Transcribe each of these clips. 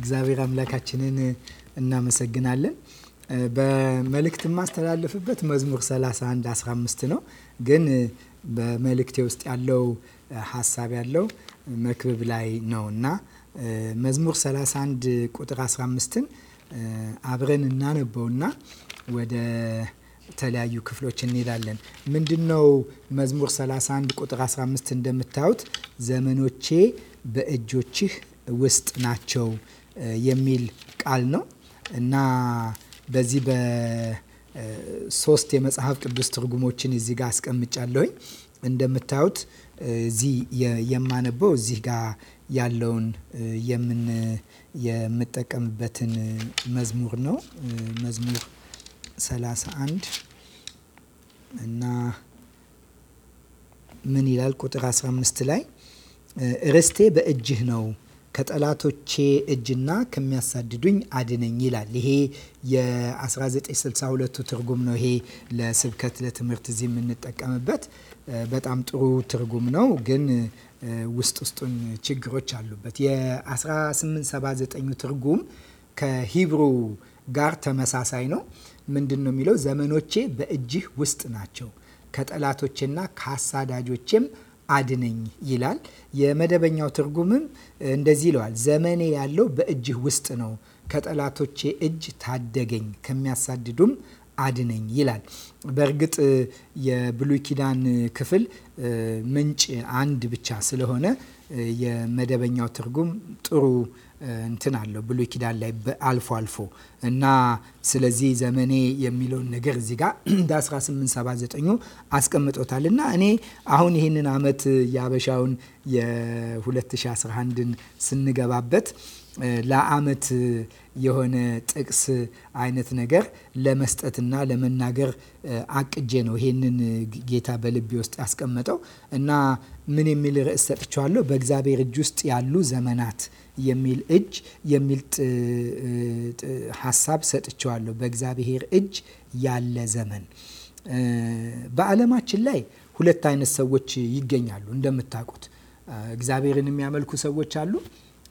እግዚአብሔር አምላካችንን እናመሰግናለን። በመልእክት የማስተላለፍበት መዝሙር 31 15 ነው። ግን በመልእክቴ ውስጥ ያለው ሀሳብ ያለው መክብብ ላይ ነው እና መዝሙር 31 ቁጥር 15ን አብረን እናነበውና ወደ ተለያዩ ክፍሎች እንሄዳለን። ምንድን ነው መዝሙር 31 ቁጥር 15 እንደምታዩት ዘመኖቼ በእጆችህ ውስጥ ናቸው የሚል ቃል ነው እና በዚህ በሶስት የመጽሐፍ ቅዱስ ትርጉሞችን እዚህ ጋር አስቀምጫለሁኝ። እንደምታዩት እዚህ የማነበው እዚህ ጋር ያለውን የምን የምጠቀምበትን መዝሙር ነው መዝሙር 31 እና ምን ይላል ቁጥር 15 ላይ ርስቴ በእጅህ ነው ከጠላቶቼ እጅና ከሚያሳድዱኝ አድነኝ ይላል። ይሄ የ1962ቱ ትርጉም ነው። ይሄ ለስብከት ለትምህርት እዚህ የምንጠቀምበት በጣም ጥሩ ትርጉም ነው፣ ግን ውስጥ ውስጡን ችግሮች አሉበት። የ1879ኙ ትርጉም ከሂብሩ ጋር ተመሳሳይ ነው። ምንድን ነው የሚለው? ዘመኖቼ በእጅህ ውስጥ ናቸው ከጠላቶቼና ከአሳዳጆቼም አድነኝ ይላል። የመደበኛው ትርጉምም እንደዚህ ይለዋል፣ ዘመኔ ያለው በእጅህ ውስጥ ነው፣ ከጠላቶቼ እጅ ታደገኝ፣ ከሚያሳድዱም አድነኝ ይላል። በእርግጥ የብሉይ ኪዳን ክፍል ምንጭ አንድ ብቻ ስለሆነ የመደበኛው ትርጉም ጥሩ እንትን አለው ብሉይ ኪዳን ላይ አልፎ አልፎ እና ስለዚህ ዘመኔ የሚለውን ነገር እዚህ ጋር እንደ 1879 አስቀምጦታል እና እኔ አሁን ይህንን አመት የአበሻውን የ2011ን ስንገባበት ለአመት የሆነ ጥቅስ አይነት ነገር ለመስጠትና ለመናገር አቅጄ ነው ይሄንን ጌታ በልቤ ውስጥ ያስቀመጠው እና ምን የሚል ርዕስ ሰጥቸዋለሁ በእግዚአብሔር እጅ ውስጥ ያሉ ዘመናት የሚል እጅ የሚል ሀሳብ ሰጥቸዋለሁ በእግዚአብሔር እጅ ያለ ዘመን በዓለማችን ላይ ሁለት አይነት ሰዎች ይገኛሉ እንደምታውቁት እግዚአብሔርን የሚያመልኩ ሰዎች አሉ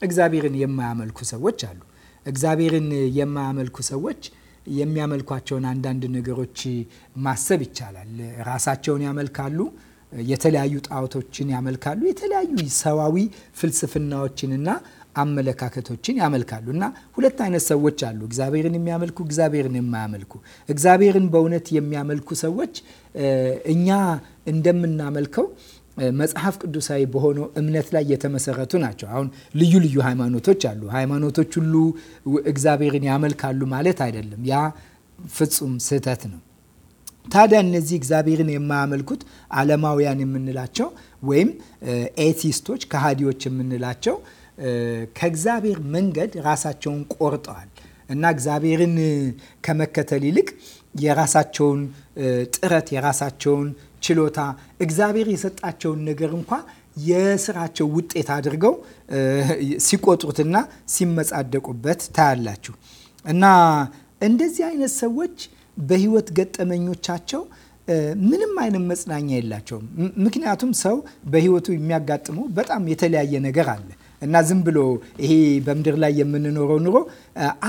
እግዚአብሔርን የማያመልኩ ሰዎች አሉ። እግዚአብሔርን የማያመልኩ ሰዎች የሚያመልኳቸውን አንዳንድ ነገሮች ማሰብ ይቻላል። ራሳቸውን ያመልካሉ፣ የተለያዩ ጣዖቶችን ያመልካሉ፣ የተለያዩ ሰዋዊ ፍልስፍናዎችንና አመለካከቶችን ያመልካሉ እና ሁለት አይነት ሰዎች አሉ፣ እግዚአብሔርን የሚያመልኩ፣ እግዚአብሔርን የማያመልኩ። እግዚአብሔርን በእውነት የሚያመልኩ ሰዎች እኛ እንደምናመልከው መጽሐፍ ቅዱሳዊ በሆነው እምነት ላይ የተመሰረቱ ናቸው። አሁን ልዩ ልዩ ሃይማኖቶች አሉ። ሃይማኖቶች ሁሉ እግዚአብሔርን ያመልካሉ ማለት አይደለም። ያ ፍጹም ስህተት ነው። ታዲያ እነዚህ እግዚአብሔርን የማያመልኩት ዓለማውያን የምንላቸው ወይም ኤቲስቶች ከሃዲዎች የምንላቸው ከእግዚአብሔር መንገድ ራሳቸውን ቆርጠዋል እና እግዚአብሔርን ከመከተል ይልቅ የራሳቸውን ጥረት የራሳቸውን ችሎታ፣ እግዚአብሔር የሰጣቸውን ነገር እንኳ የስራቸው ውጤት አድርገው ሲቆጥሩትና ሲመጻደቁበት ታያላችሁ። እና እንደዚህ አይነት ሰዎች በህይወት ገጠመኞቻቸው ምንም አይነት መጽናኛ የላቸውም። ምክንያቱም ሰው በህይወቱ የሚያጋጥመው በጣም የተለያየ ነገር አለ እና ዝም ብሎ ይሄ በምድር ላይ የምንኖረው ኑሮ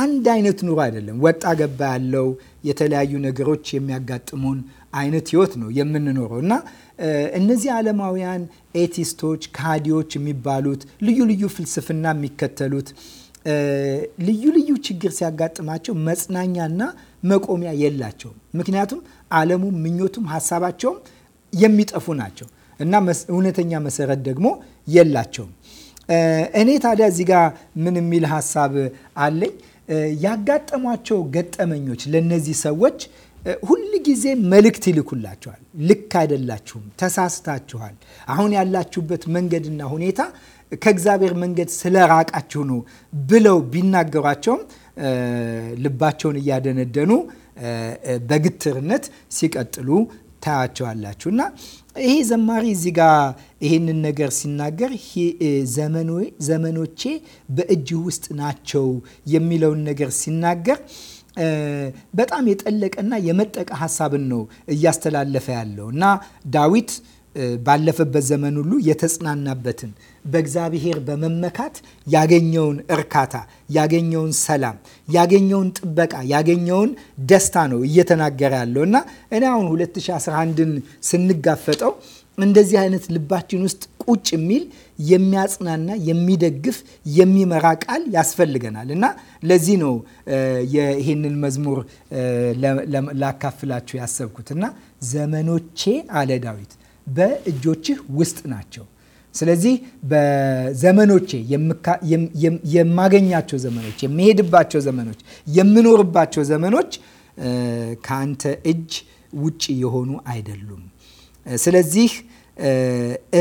አንድ አይነት ኑሮ አይደለም። ወጣ ገባ ያለው የተለያዩ ነገሮች የሚያጋጥሙን አይነት ህይወት ነው የምንኖረው እና እነዚህ ዓለማውያን ኤቲስቶች፣ ካዲዎች የሚባሉት ልዩ ልዩ ፍልስፍና የሚከተሉት ልዩ ልዩ ችግር ሲያጋጥማቸው መጽናኛና መቆሚያ የላቸውም። ምክንያቱም ዓለሙም፣ ምኞቱም፣ ሀሳባቸውም የሚጠፉ ናቸው እና እውነተኛ መሰረት ደግሞ የላቸውም። እኔ ታዲያ እዚህ ጋር ምን የሚል ሀሳብ አለኝ? ያጋጠሟቸው ገጠመኞች ለእነዚህ ሰዎች ሁል ጊዜ መልእክት ይልኩላቸዋል። ልክ አይደላችሁም፣ ተሳስታችኋል፣ አሁን ያላችሁበት መንገድና ሁኔታ ከእግዚአብሔር መንገድ ስለራቃችሁ ነው ብለው ቢናገሯቸውም ልባቸውን እያደነደኑ በግትርነት ሲቀጥሉ ታያቸዋላችሁ እና ይሄ ዘማሪ እዚህ ጋ ይህንን ነገር ሲናገር ዘመኖቼ በእጅ ውስጥ ናቸው የሚለውን ነገር ሲናገር በጣም የጠለቀና የመጠቀ ሀሳብን ነው እያስተላለፈ ያለው እና ዳዊት ባለፈበት ዘመን ሁሉ የተጽናናበትን በእግዚአብሔር በመመካት ያገኘውን እርካታ፣ ያገኘውን ሰላም፣ ያገኘውን ጥበቃ፣ ያገኘውን ደስታ ነው እየተናገረ ያለው እና እኔ አሁን 2011ን ስንጋፈጠው እንደዚህ አይነት ልባችን ውስጥ ቁጭ የሚል የሚያጽናና፣ የሚደግፍ፣ የሚመራ ቃል ያስፈልገናል እና ለዚህ ነው ይህንን መዝሙር ላካፍላችሁ ያሰብኩት እና ዘመኖቼ አለ ዳዊት በእጆችህ ውስጥ ናቸው። ስለዚህ በዘመኖቼ የማገኛቸው ዘመኖች፣ የምሄድባቸው ዘመኖች፣ የምኖርባቸው ዘመኖች ከአንተ እጅ ውጭ የሆኑ አይደሉም። ስለዚህ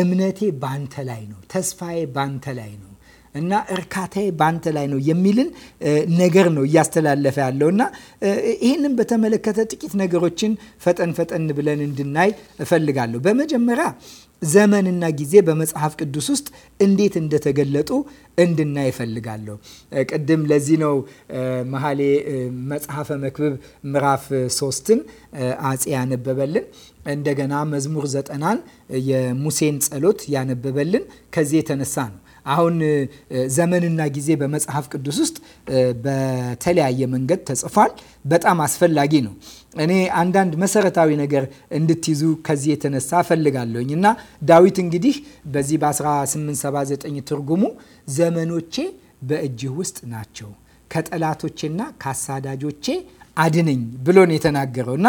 እምነቴ ባንተ ላይ ነው። ተስፋዬ ባንተ ላይ ነው። እና እርካታዬ በአንተ ላይ ነው የሚልን ነገር ነው እያስተላለፈ ያለው እና ይህንም በተመለከተ ጥቂት ነገሮችን ፈጠን ፈጠን ብለን እንድናይ እፈልጋለሁ። በመጀመሪያ ዘመንና ጊዜ በመጽሐፍ ቅዱስ ውስጥ እንዴት እንደተገለጡ እንድናይ እፈልጋለሁ። ቅድም ለዚህ ነው መሐሌ መጽሐፈ መክብብ ምዕራፍ ሶስትን አጼ ያነበበልን እንደገና መዝሙር ዘጠናን የሙሴን ጸሎት ያነበበልን ከዚህ የተነሳ ነው። አሁን ዘመንና ጊዜ በመጽሐፍ ቅዱስ ውስጥ በተለያየ መንገድ ተጽፏል። በጣም አስፈላጊ ነው። እኔ አንዳንድ መሰረታዊ ነገር እንድትይዙ ከዚህ የተነሳ እፈልጋለሁኝ እና ዳዊት እንግዲህ በዚህ በ1879 ትርጉሙ ዘመኖቼ በእጅህ ውስጥ ናቸው ከጠላቶቼና ከአሳዳጆቼ አድነኝ ብሎ ነው የተናገረው እና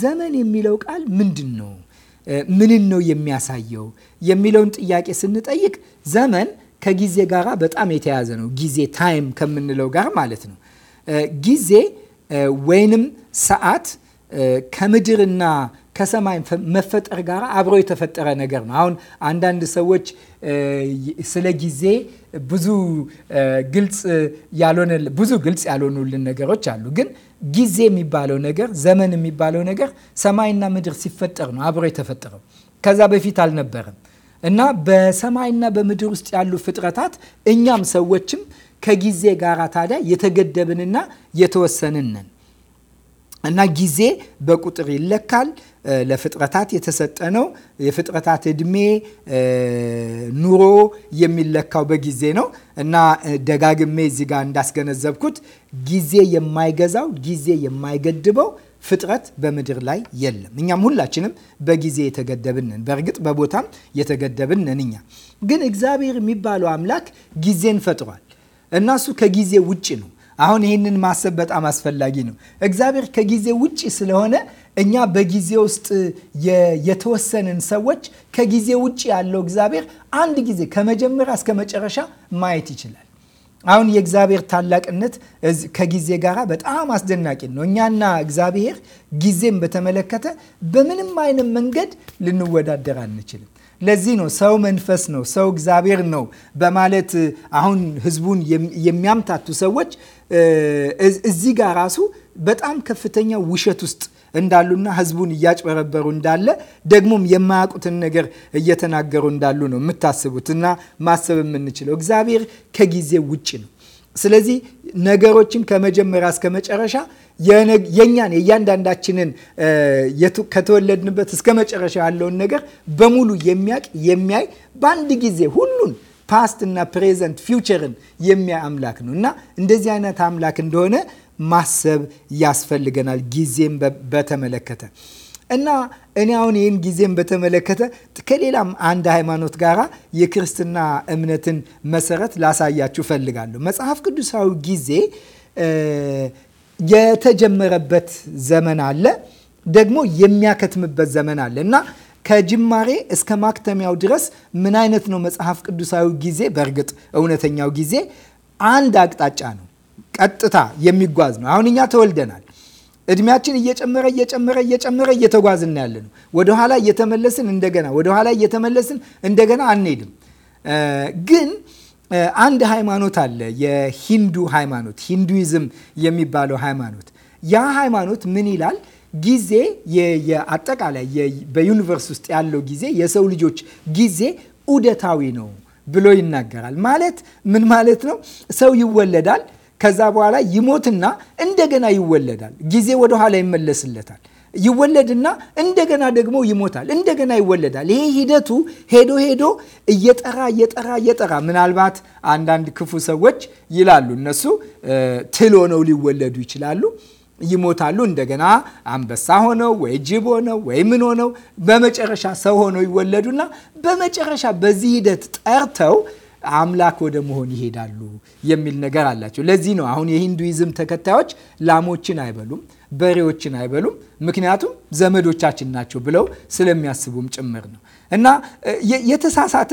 ዘመን የሚለው ቃል ምንድን ነው? ምንን ነው የሚያሳየው የሚለውን ጥያቄ ስንጠይቅ ዘመን ከጊዜ ጋር በጣም የተያያዘ ነው። ጊዜ ታይም ከምንለው ጋር ማለት ነው። ጊዜ ወይንም ሰዓት ከምድርና ከሰማይ መፈጠር ጋር አብሮ የተፈጠረ ነገር ነው። አሁን አንዳንድ ሰዎች ስለ ጊዜ ብዙ ግልጽ ያልሆነ ብዙ ግልጽ ያልሆኑልን ነገሮች አሉ ግን ጊዜ የሚባለው ነገር ዘመን የሚባለው ነገር ሰማይና ምድር ሲፈጠር ነው አብሮ የተፈጠረው። ከዛ በፊት አልነበረም እና በሰማይና በምድር ውስጥ ያሉ ፍጥረታት እኛም ሰዎችም ከጊዜ ጋር ታዲያ የተገደብንና የተወሰንን ነን እና ጊዜ በቁጥር ይለካል። ለፍጥረታት የተሰጠ ነው። የፍጥረታት እድሜ ኑሮ የሚለካው በጊዜ ነው እና ደጋግሜ እዚህ ጋር እንዳስገነዘብኩት ጊዜ የማይገዛው ጊዜ የማይገድበው ፍጥረት በምድር ላይ የለም። እኛም ሁላችንም በጊዜ የተገደብንን፣ በእርግጥ በቦታም የተገደብንን እኛ ግን እግዚአብሔር የሚባለው አምላክ ጊዜን ፈጥሯል እና እሱ ከጊዜ ውጭ ነው። አሁን ይህንን ማሰብ በጣም አስፈላጊ ነው። እግዚአብሔር ከጊዜ ውጭ ስለሆነ እኛ በጊዜ ውስጥ የተወሰንን ሰዎች ከጊዜ ውጭ ያለው እግዚአብሔር አንድ ጊዜ ከመጀመሪያ እስከ መጨረሻ ማየት ይችላል። አሁን የእግዚአብሔር ታላቅነት ከጊዜ ጋር በጣም አስደናቂ ነው። እኛና እግዚአብሔር ጊዜም በተመለከተ በምንም አይነት መንገድ ልንወዳደር አንችልም። ለዚህ ነው ሰው መንፈስ ነው፣ ሰው እግዚአብሔር ነው በማለት አሁን ህዝቡን የሚያምታቱ ሰዎች እዚህ ጋር ራሱ በጣም ከፍተኛ ውሸት ውስጥ እንዳሉና ህዝቡን እያጭበረበሩ እንዳለ ደግሞም የማያውቁትን ነገር እየተናገሩ እንዳሉ ነው የምታስቡት እና ማሰብ የምንችለው። እግዚአብሔር ከጊዜ ውጭ ነው። ስለዚህ ነገሮችን ከመጀመሪያ እስከ መጨረሻ የእኛን የእያንዳንዳችንን ከተወለድንበት እስከ መጨረሻ ያለውን ነገር በሙሉ የሚያውቅ የሚያይ በአንድ ጊዜ ሁሉን ፓስት እና ፕሬዘንት ፊውቸርን የሚያ አምላክ ነው እና እንደዚህ አይነት አምላክ እንደሆነ ማሰብ ያስፈልገናል ጊዜም በተመለከተ እና እኔ አሁን ይህን ጊዜም በተመለከተ ከሌላም አንድ ሃይማኖት ጋራ የክርስትና እምነትን መሰረት ላሳያችሁ ፈልጋለሁ። መጽሐፍ ቅዱሳዊ ጊዜ የተጀመረበት ዘመን አለ፣ ደግሞ የሚያከትምበት ዘመን አለ እና ከጅማሬ እስከ ማክተሚያው ድረስ ምን አይነት ነው መጽሐፍ ቅዱሳዊ ጊዜ? በእርግጥ እውነተኛው ጊዜ አንድ አቅጣጫ ነው፣ ቀጥታ የሚጓዝ ነው። አሁን እኛ ተወልደናል። እድሜያችን እየጨመረ እየጨመረ እየጨመረ እየተጓዝን ያለ ነው። ወደኋላ እየተመለስን እንደገና ወደኋላ እየተመለስን እንደገና አንሄድም። ግን አንድ ሃይማኖት አለ፣ የሂንዱ ሃይማኖት ሂንዱይዝም የሚባለው ሃይማኖት። ያ ሃይማኖት ምን ይላል? ጊዜ አጠቃላይ በዩኒቨርስ ውስጥ ያለው ጊዜ የሰው ልጆች ጊዜ ዑደታዊ ነው ብሎ ይናገራል። ማለት ምን ማለት ነው? ሰው ይወለዳል፣ ከዛ በኋላ ይሞትና እንደገና ይወለዳል። ጊዜ ወደኋላ ይመለስለታል። ይወለድና እንደገና ደግሞ ይሞታል፣ እንደገና ይወለዳል። ይሄ ሂደቱ ሄዶ ሄዶ እየጠራ እየጠራ እየጠራ ምናልባት አንዳንድ ክፉ ሰዎች ይላሉ እነሱ ትል ሆነው ሊወለዱ ይችላሉ ይሞታሉ። እንደገና አንበሳ ሆነው ወይ ጅብ ሆነው ወይ ምን ሆነው በመጨረሻ ሰው ሆነው ይወለዱና በመጨረሻ በዚህ ሂደት ጠርተው አምላክ ወደ መሆን ይሄዳሉ የሚል ነገር አላቸው። ለዚህ ነው አሁን የሂንዱይዝም ተከታዮች ላሞችን አይበሉም፣ በሬዎችን አይበሉም፣ ምክንያቱም ዘመዶቻችን ናቸው ብለው ስለሚያስቡም ጭምር ነው። እና የተሳሳተ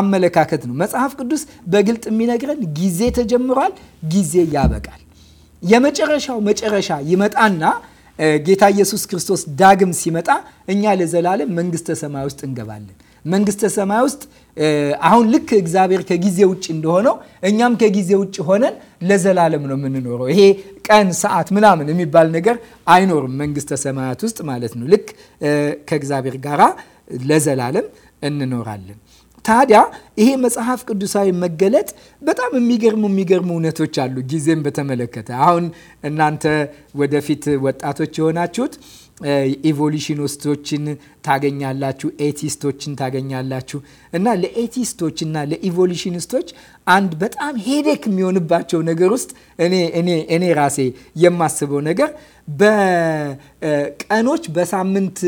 አመለካከት ነው። መጽሐፍ ቅዱስ በግልጥ የሚነግረን ጊዜ ተጀምሯል፣ ጊዜ ያበቃል። የመጨረሻው መጨረሻ ይመጣና ጌታ ኢየሱስ ክርስቶስ ዳግም ሲመጣ እኛ ለዘላለም መንግስተ ሰማይ ውስጥ እንገባለን። መንግስተ ሰማይ ውስጥ አሁን ልክ እግዚአብሔር ከጊዜ ውጭ እንደሆነው እኛም ከጊዜ ውጭ ሆነን ለዘላለም ነው የምንኖረው። ይሄ ቀን፣ ሰዓት ምናምን የሚባል ነገር አይኖርም መንግስተ ሰማያት ውስጥ ማለት ነው። ልክ ከእግዚአብሔር ጋራ ለዘላለም እንኖራለን። ታዲያ ይሄ መጽሐፍ ቅዱሳዊ መገለጥ በጣም የሚገርሙ የሚገርሙ እውነቶች አሉ። ጊዜም በተመለከተ አሁን እናንተ ወደፊት ወጣቶች የሆናችሁት ኢቮሉሽኒስቶችን ታገኛላችሁ፣ ኤቲስቶችን ታገኛላችሁ። እና ለኤቲስቶች እና ለኢቮሉሽኒስቶች አንድ በጣም ሄደክ የሚሆንባቸው ነገር ውስጥ እኔ እኔ እኔ ራሴ የማስበው ነገር በቀኖች በሳምንት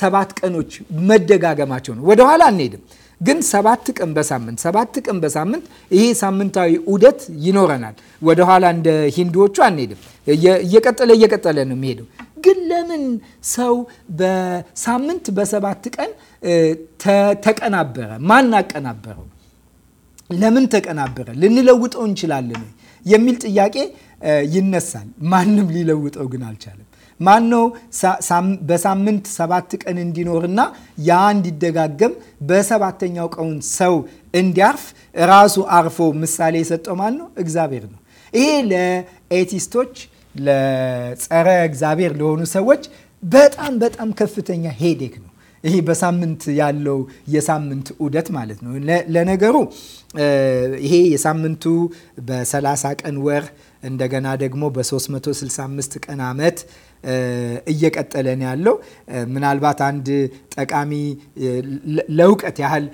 ሰባት ቀኖች መደጋገማቸው ነው። ወደኋላ አንሄድም። ግን ሰባት ቀን በሳምንት ሰባት ቀን በሳምንት ይሄ ሳምንታዊ ዑደት ይኖረናል። ወደኋላ እንደ ሂንዱዎቹ አንሄድም። እየቀጠለ እየቀጠለ ነው የሚሄደው። ግን ለምን ሰው በሳምንት በሰባት ቀን ተቀናበረ? ማን አቀናበረው? ለምን ተቀናበረ? ልንለውጠው እንችላለን የሚል ጥያቄ ይነሳል። ማንም ሊለውጠው ግን አልቻለም። ማን ነው በሳምንት ሰባት ቀን እንዲኖርና ያ እንዲደጋገም በሰባተኛው ቀውን ሰው እንዲያርፍ ራሱ አርፎ ምሳሌ የሰጠው ማን ነው? እግዚአብሔር ነው። ይሄ ለኤቲስቶች ለጸረ እግዚአብሔር ለሆኑ ሰዎች በጣም በጣም ከፍተኛ ሄዴክ ነው። ይሄ በሳምንት ያለው የሳምንት ዑደት ማለት ነው። ለነገሩ ይሄ የሳምንቱ በ30 ቀን ወር እንደገና ደግሞ በ365 ቀን ዓመት እየቀጠለን ያለው። ምናልባት አንድ ጠቃሚ ለእውቀት ያህል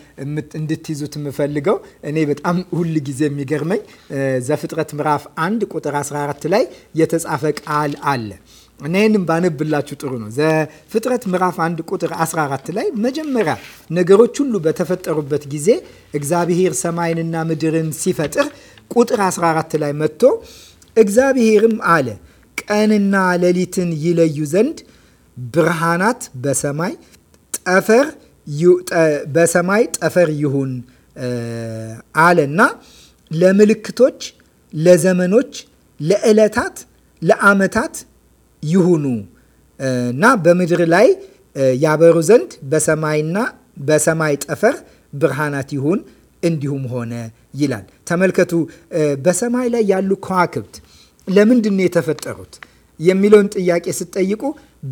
እንድትይዙት የምፈልገው እኔ በጣም ሁል ጊዜ የሚገርመኝ ዘፍጥረት ምዕራፍ አንድ ቁጥር 14 ላይ የተጻፈ ቃል አለ እና ባነብላችሁ ጥሩ ነው። ዘፍጥረት ምዕራፍ 1 ቁጥር 14 ላይ መጀመሪያ ነገሮች ሁሉ በተፈጠሩበት ጊዜ እግዚአብሔር ሰማይንና ምድርን ሲፈጥር ቁጥር 14 ላይ መጥቶ እግዚአብሔርም አለ ቀንና ሌሊትን ይለዩ ዘንድ ብርሃናት በሰማይ ጠፈር በሰማይ ጠፈር ይሁን አለና ለምልክቶች፣ ለዘመኖች፣ ለዕለታት፣ ለዓመታት ይሁኑ እና በምድር ላይ ያበሩ ዘንድ በሰማይና በሰማይ ጠፈር ብርሃናት ይሁን እንዲሁም ሆነ ይላል። ተመልከቱ፣ በሰማይ ላይ ያሉ ከዋክብት ለምንድን ነው የተፈጠሩት የሚለውን ጥያቄ ስትጠይቁ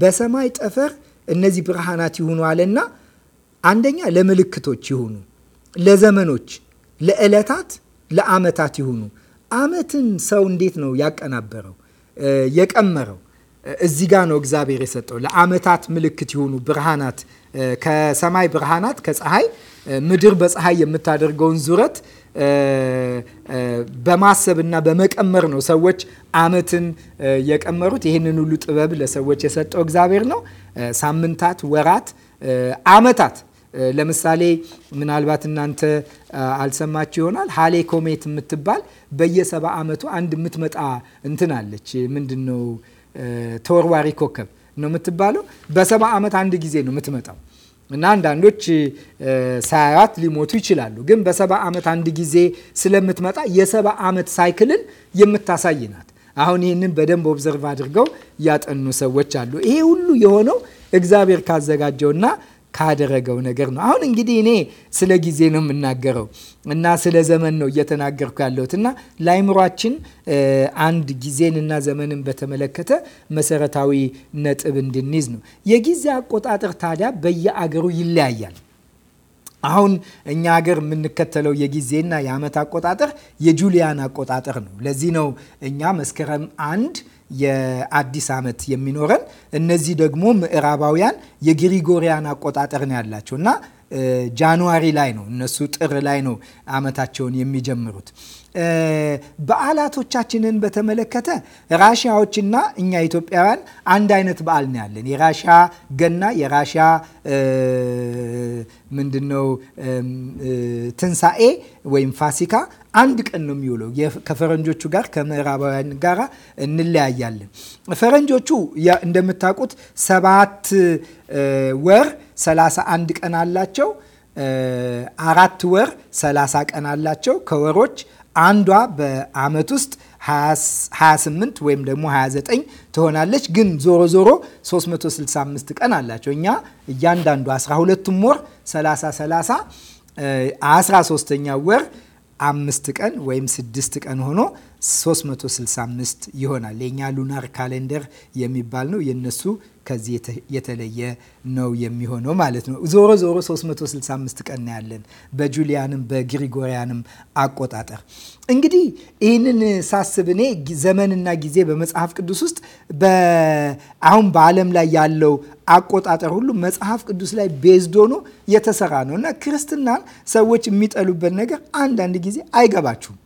በሰማይ ጠፈር እነዚህ ብርሃናት ይሁኑ አለና አንደኛ ለምልክቶች ይሁኑ፣ ለዘመኖች፣ ለዕለታት፣ ለዓመታት ይሁኑ። ዓመትን ሰው እንዴት ነው ያቀናበረው የቀመረው? እዚህ ጋ ነው እግዚአብሔር የሰጠው ለዓመታት ምልክት የሆኑ ብርሃናት ከሰማይ ብርሃናት ከፀሐይ ምድር በፀሐይ የምታደርገውን ዙረት በማሰብና በመቀመር ነው ሰዎች አመትን የቀመሩት። ይህንን ሁሉ ጥበብ ለሰዎች የሰጠው እግዚአብሔር ነው። ሳምንታት፣ ወራት፣ አመታት ለምሳሌ ምናልባት እናንተ አልሰማችሁ ይሆናል። ሀሌ ኮሜት የምትባል በየሰባ አመቱ አንድ የምትመጣ እንትን አለች። ምንድን ነው ተወርዋሪ ኮከብ ነው የምትባለው። በሰባ ዓመት አንድ ጊዜ ነው የምትመጣው እና አንዳንዶች ሳያዩት ሊሞቱ ይችላሉ። ግን በሰባ ዓመት አንድ ጊዜ ስለምትመጣ የሰባ ዓመት ሳይክልን የምታሳይ ናት። አሁን ይህንን በደንብ ኦብዘርቭ አድርገው ያጠኑ ሰዎች አሉ። ይሄ ሁሉ የሆነው እግዚአብሔር ካዘጋጀውና ካደረገው ነገር ነው። አሁን እንግዲህ እኔ ስለ ጊዜ ነው የምናገረው እና ስለ ዘመን ነው እየተናገርኩ ያለሁት እና ለአይምሯችን አንድ ጊዜንና ዘመንን በተመለከተ መሰረታዊ ነጥብ እንድንይዝ ነው። የጊዜ አቆጣጠር ታዲያ በየአገሩ ይለያያል። አሁን እኛ ሀገር የምንከተለው የጊዜና የዓመት አቆጣጠር የጁሊያን አቆጣጠር ነው። ለዚህ ነው እኛ መስከረም አንድ የአዲስ ዓመት የሚኖረን። እነዚህ ደግሞ ምዕራባውያን የግሪጎሪያን አቆጣጠር ነው ያላቸው እና ጃንዋሪ ላይ ነው እነሱ ጥር ላይ ነው ዓመታቸውን የሚጀምሩት። በዓላቶቻችንን በተመለከተ ራሽያዎችና እኛ ኢትዮጵያውያን አንድ አይነት በዓል ነው ያለን። የራሽያ ገና፣ የራሽያ ምንድነው ትንሣኤ ወይም ፋሲካ አንድ ቀን ነው የሚውለው። ከፈረንጆቹ ጋር ከምዕራባውያን ጋር እንለያያለን። ፈረንጆቹ እንደምታውቁት ሰባት ወር 31 ቀን አላቸው። አራት ወር 30 ቀን አላቸው ከወሮች አንዷ በአመት ውስጥ 28 ወይም ደግሞ 29 ትሆናለች። ግን ዞሮ ዞሮ 365 ቀን አላቸው። እኛ እያንዳንዱ 12ቱም ወር 30 30 13ኛ ወር አምስት ቀን ወይም ስድስት ቀን ሆኖ 365 ይሆናል። የኛ ሉናር ካሌንደር የሚባል ነው። የነሱ ከዚህ የተለየ ነው የሚሆነው ማለት ነው። ዞሮ ዞሮ 365 ቀን ያለን በጁሊያንም በግሪጎሪያንም አቆጣጠር እንግዲህ ይህንን ሳስብ እኔ ዘመንና ጊዜ በመጽሐፍ ቅዱስ ውስጥ አሁን በዓለም ላይ ያለው አቆጣጠር ሁሉ መጽሐፍ ቅዱስ ላይ ቤዝድ ሆኖ የተሰራ ነው እና ክርስትናን ሰዎች የሚጠሉበት ነገር አንዳንድ ጊዜ አይገባችሁም።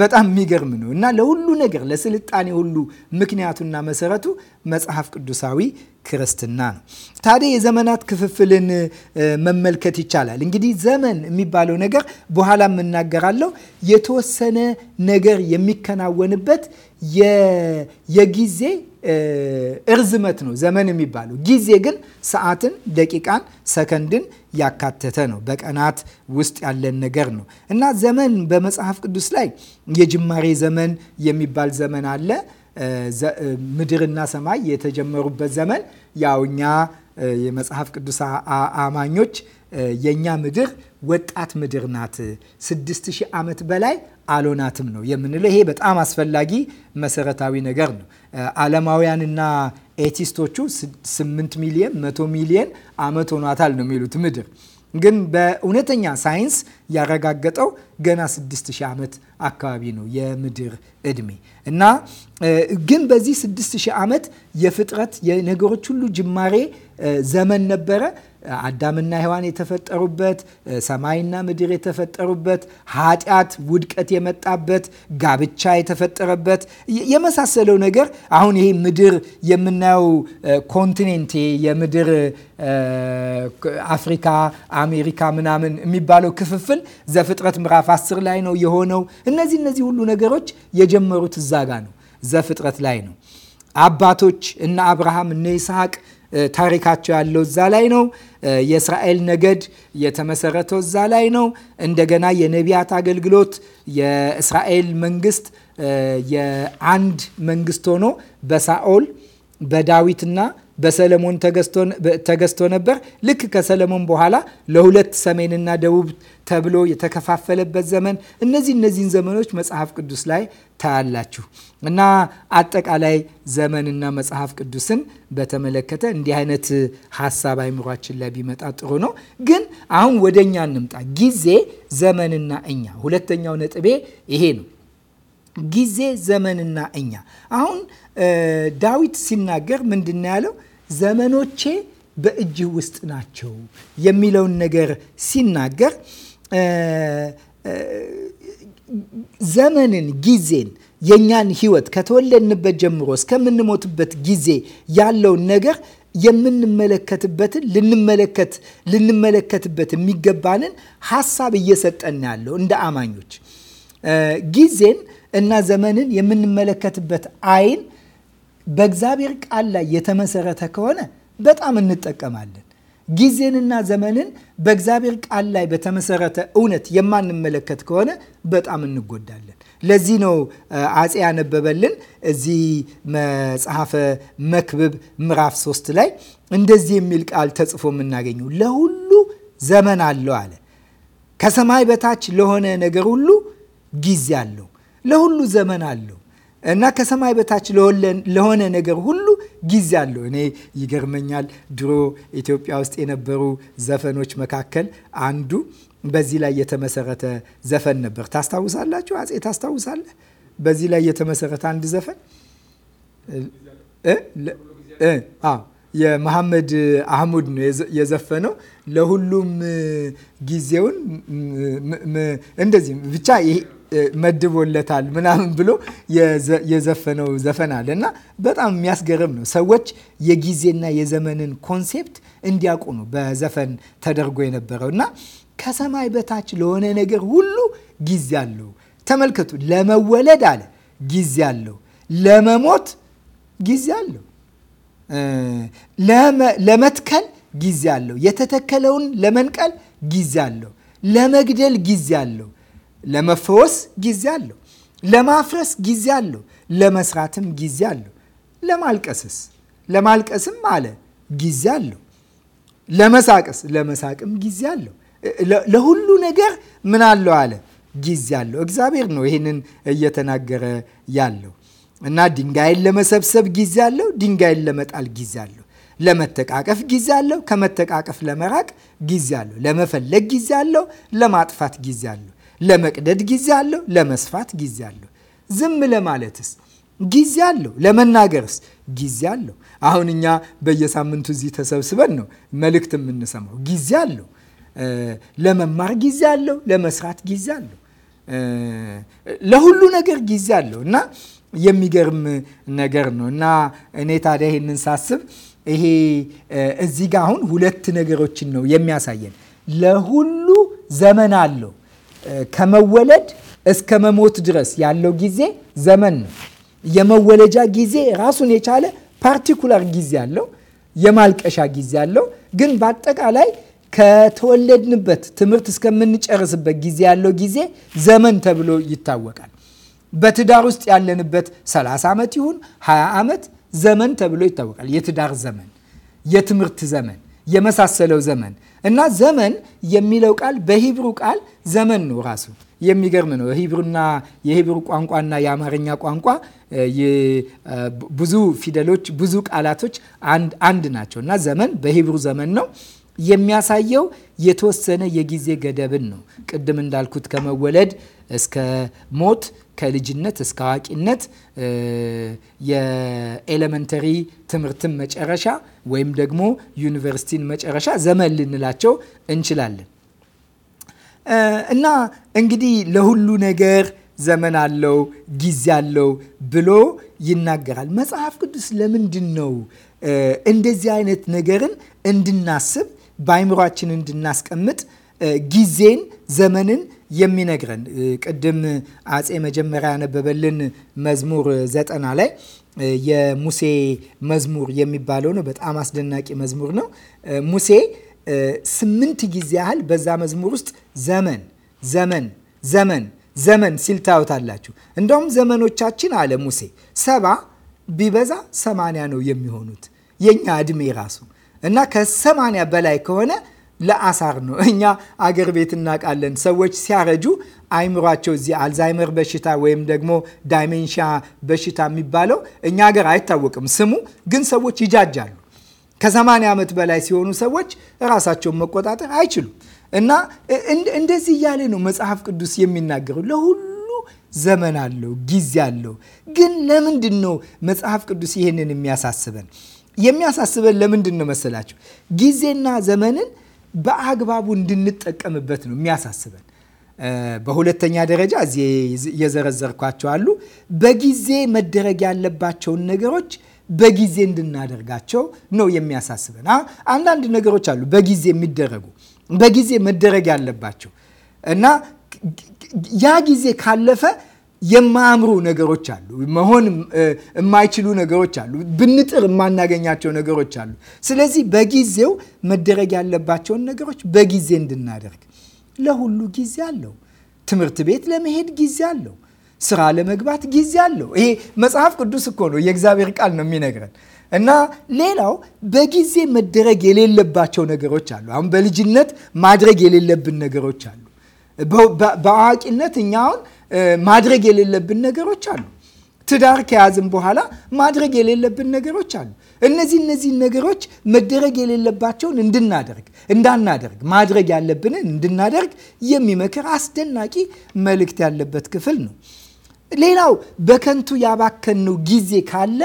በጣም የሚገርም ነው እና ለሁሉ ነገር ለስልጣኔ ሁሉ ምክንያቱና መሰረቱ መጽሐፍ ቅዱሳዊ ክርስትና ነው። ታዲያ የዘመናት ክፍፍልን መመልከት ይቻላል። እንግዲህ ዘመን የሚባለው ነገር በኋላ የምናገራለው የተወሰነ ነገር የሚከናወንበት የጊዜ እርዝመት ነው ዘመን የሚባለው ጊዜ ግን ሰዓትን፣ ደቂቃን፣ ሰከንድን ያካተተ ነው። በቀናት ውስጥ ያለን ነገር ነው እና ዘመን በመጽሐፍ ቅዱስ ላይ የጅማሬ ዘመን የሚባል ዘመን አለ። ምድርና ሰማይ የተጀመሩበት ዘመን ያው እኛ የመጽሐፍ ቅዱስ አማኞች የእኛ ምድር ወጣት ምድር ናት። 6000 ዓመት በላይ አልሆናትም ነው የምንለው። ይሄ በጣም አስፈላጊ መሰረታዊ ነገር ነው። ዓለማውያንና ኤቲስቶቹ 8 ሚሊየን 100 ሚሊየን ዓመት ሆኗታል ነው የሚሉት ምድር ግን በእውነተኛ ሳይንስ ያረጋገጠው ገና 6000 ዓመት አካባቢ ነው የምድር እድሜ እና ግን በዚህ 6000 ዓመት የፍጥረት የነገሮች ሁሉ ጅማሬ ዘመን ነበረ። አዳምና ሔዋን የተፈጠሩበት፣ ሰማይና ምድር የተፈጠሩበት፣ ኃጢአት ውድቀት የመጣበት፣ ጋብቻ የተፈጠረበት የመሳሰለው ነገር አሁን ይሄ ምድር የምናየው ኮንቲኔንት የምድር አፍሪካ፣ አሜሪካ ምናምን የሚባለው ክፍፍል ዘፍጥረት ምዕራፍ 10 ላይ ነው የሆነው። እነዚህ እነዚህ ሁሉ ነገሮች የጀመሩት እዛ ጋ ነው፣ ዘፍጥረት ላይ ነው። አባቶች እነ አብርሃም እነ ይስሐቅ ታሪካቸው ያለው እዛ ላይ ነው። የእስራኤል ነገድ የተመሰረተው እዛ ላይ ነው። እንደገና የነቢያት አገልግሎት የእስራኤል መንግስት የአንድ መንግስት ሆኖ በሳኦል በዳዊትና በሰለሞን ተገዝቶ ነበር። ልክ ከሰለሞን በኋላ ለሁለት ሰሜንና ደቡብ ተብሎ የተከፋፈለበት ዘመን እነዚህ እነዚህን ዘመኖች መጽሐፍ ቅዱስ ላይ ታያላችሁ። እና አጠቃላይ ዘመንና መጽሐፍ ቅዱስን በተመለከተ እንዲህ አይነት ሀሳብ አይምሯችን ላይ ቢመጣ ጥሩ ነው። ግን አሁን ወደ እኛ እንምጣ። ጊዜ ዘመንና እኛ፣ ሁለተኛው ነጥቤ ይሄ ነው። ጊዜ ዘመንና እኛ። አሁን ዳዊት ሲናገር ምንድን ያለው? ዘመኖቼ በእጅ ውስጥ ናቸው የሚለውን ነገር ሲናገር ዘመንን ጊዜን የእኛን ህይወት ከተወለድንበት ጀምሮ እስከምንሞትበት ጊዜ ያለውን ነገር የምንመለከትበትን ልንመለከት ልንመለከትበት የሚገባንን ሀሳብ እየሰጠን ያለው እንደ አማኞች ጊዜን እና ዘመንን የምንመለከትበት አይን በእግዚአብሔር ቃል ላይ የተመሰረተ ከሆነ በጣም እንጠቀማለን። ጊዜንና ዘመንን በእግዚአብሔር ቃል ላይ በተመሰረተ እውነት የማንመለከት ከሆነ በጣም እንጎዳለን። ለዚህ ነው አፄ ያነበበልን እዚህ መጽሐፈ መክብብ ምዕራፍ ሶስት ላይ እንደዚህ የሚል ቃል ተጽፎ የምናገኘው ለሁሉ ዘመን አለው አለ። ከሰማይ በታች ለሆነ ነገር ሁሉ ጊዜ አለው፣ ለሁሉ ዘመን አለው እና ከሰማይ በታች ለሆነ ነገር ሁሉ ጊዜ አለው። እኔ ይገርመኛል ድሮ ኢትዮጵያ ውስጥ የነበሩ ዘፈኖች መካከል አንዱ በዚህ ላይ የተመሰረተ ዘፈን ነበር። ታስታውሳላችሁ? አጼ ታስታውሳለህ? በዚህ ላይ የተመሰረተ አንድ ዘፈን የመሐመድ አህሙድ ነው የዘፈነው። ለሁሉም ጊዜውን እንደዚህ ብቻ መድቦለታል ምናምን ብሎ የዘፈነው ዘፈን አለ እና በጣም የሚያስገርም ነው። ሰዎች የጊዜና የዘመንን ኮንሴፕት እንዲያውቁ ነው በዘፈን ተደርጎ የነበረው እና ከሰማይ በታች ለሆነ ነገር ሁሉ ጊዜ አለው። ተመልከቱ፣ ለመወለድ አለ ጊዜ አለው፣ ለመሞት ጊዜ አለው፣ ለመትከል ጊዜ አለው፣ የተተከለውን ለመንቀል ጊዜ አለው፣ ለመግደል ጊዜ አለው፣ ለመፈወስ ጊዜ አለው፣ ለማፍረስ ጊዜ አለው፣ ለመስራትም ጊዜ አለው። ለማልቀስስ ለማልቀስም አለ ጊዜ አለው። ለመሳቅስ ለመሳቅም ጊዜ አለው። ለሁሉ ነገር ምን አለው አለ ጊዜ አለው። እግዚአብሔር ነው ይህንን እየተናገረ ያለው እና ድንጋይን ለመሰብሰብ ጊዜ አለው፣ ድንጋይን ለመጣል ጊዜ አለው። ለመተቃቀፍ ጊዜ አለው፣ ከመተቃቀፍ ለመራቅ ጊዜ አለው። ለመፈለግ ጊዜ አለው፣ ለማጥፋት ጊዜ አለው። ለመቅደድ ጊዜ አለው፣ ለመስፋት ጊዜ አለው። ዝም ለማለትስ ጊዜ አለው። ለመናገርስ ጊዜ አለው። አሁን እኛ በየሳምንቱ እዚህ ተሰብስበን ነው መልእክት የምንሰማው። ጊዜ አለው ለመማር ጊዜ አለው፣ ለመስራት ጊዜ አለው፣ ለሁሉ ነገር ጊዜ አለው እና የሚገርም ነገር ነው እና እኔ ታዲያ ይህንን ሳስብ ይሄ እዚህ ጋ አሁን ሁለት ነገሮችን ነው የሚያሳየን። ለሁሉ ዘመን አለው። ከመወለድ እስከ መሞት ድረስ ያለው ጊዜ ዘመን ነው። የመወለጃ ጊዜ ራሱን የቻለ ፓርቲኩላር ጊዜ አለው። የማልቀሻ ጊዜ አለው። ግን በአጠቃላይ ከተወለድንበት ትምህርት እስከምንጨርስበት ጊዜ ያለው ጊዜ ዘመን ተብሎ ይታወቃል። በትዳር ውስጥ ያለንበት 30 ዓመት ይሁን 20 ዓመት ዘመን ተብሎ ይታወቃል። የትዳር ዘመን፣ የትምህርት ዘመን፣ የመሳሰለው ዘመን እና ዘመን የሚለው ቃል በሂብሩ ቃል ዘመን ነው ራሱ የሚገርም ነው። ሂብሩና የሂብሩ ቋንቋና የአማርኛ ቋንቋ ብዙ ፊደሎች፣ ብዙ ቃላቶች አንድ ናቸው እና ዘመን በሂብሩ ዘመን ነው የሚያሳየው የተወሰነ የጊዜ ገደብን ነው። ቅድም እንዳልኩት ከመወለድ እስከ ሞት፣ ከልጅነት እስከ አዋቂነት፣ የኤሌመንተሪ ትምህርትን መጨረሻ ወይም ደግሞ ዩኒቨርሲቲን መጨረሻ ዘመን ልንላቸው እንችላለን። እና እንግዲህ ለሁሉ ነገር ዘመን አለው፣ ጊዜ አለው ብሎ ይናገራል መጽሐፍ ቅዱስ። ለምንድን ነው እንደዚህ አይነት ነገርን እንድናስብ በአይምሯችን እንድናስቀምጥ ጊዜን፣ ዘመንን የሚነግረን ቅድም አፄ መጀመሪያ ያነበበልን መዝሙር ዘጠና ላይ የሙሴ መዝሙር የሚባለው ነው። በጣም አስደናቂ መዝሙር ነው። ሙሴ ስምንት ጊዜ ያህል በዛ መዝሙር ውስጥ ዘመን ዘመን ዘመን ዘመን ሲል ታዩታላችሁ። እንደውም ዘመኖቻችን አለ ሙሴ ሰባ ቢበዛ ሰማንያ ነው የሚሆኑት የእኛ እድሜ ራሱ እና ከሰማንያ በላይ ከሆነ ለአሳር ነው። እኛ አገር ቤት እናውቃለን። ሰዎች ሲያረጁ አይምሯቸው እዚህ አልዛይመር በሽታ ወይም ደግሞ ዳይሜንሽያ በሽታ የሚባለው እኛ ሀገር አይታወቅም ስሙ፣ ግን ሰዎች ይጃጃሉ። ከሰማንያ ዓመት በላይ ሲሆኑ ሰዎች ራሳቸውን መቆጣጠር አይችሉም። እና እንደዚህ እያለ ነው መጽሐፍ ቅዱስ የሚናገረው ለሁሉ ዘመን አለው፣ ጊዜ አለው። ግን ለምንድን ነው መጽሐፍ ቅዱስ ይህንን የሚያሳስበን? የሚያሳስበን ለምንድን ነው መሰላችሁ? ጊዜና ዘመንን በአግባቡ እንድንጠቀምበት ነው የሚያሳስበን። በሁለተኛ ደረጃ እዚህ የዘረዘርኳቸው አሉ። በጊዜ መደረግ ያለባቸውን ነገሮች በጊዜ እንድናደርጋቸው ነው የሚያሳስበን። አንዳንድ ነገሮች አሉ በጊዜ የሚደረጉ በጊዜ መደረግ ያለባቸው እና ያ ጊዜ ካለፈ የማያምሩ ነገሮች አሉ። መሆን የማይችሉ ነገሮች አሉ። ብንጥር የማናገኛቸው ነገሮች አሉ። ስለዚህ በጊዜው መደረግ ያለባቸውን ነገሮች በጊዜ እንድናደርግ። ለሁሉ ጊዜ አለው። ትምህርት ቤት ለመሄድ ጊዜ አለው። ስራ ለመግባት ጊዜ አለው። ይሄ መጽሐፍ ቅዱስ እኮ ነው፣ የእግዚአብሔር ቃል ነው የሚነግረን። እና ሌላው በጊዜ መደረግ የሌለባቸው ነገሮች አሉ። አሁን በልጅነት ማድረግ የሌለብን ነገሮች አሉ። በአዋቂነት እኛ አሁን ማድረግ የሌለብን ነገሮች አሉ። ትዳር ከያዝም በኋላ ማድረግ የሌለብን ነገሮች አሉ። እነዚህ እነዚህ ነገሮች መደረግ የሌለባቸውን እንድናደርግ እንዳናደርግ ማድረግ ያለብንን እንድናደርግ የሚመክር አስደናቂ መልእክት ያለበት ክፍል ነው። ሌላው በከንቱ ያባከንነው ጊዜ ካለ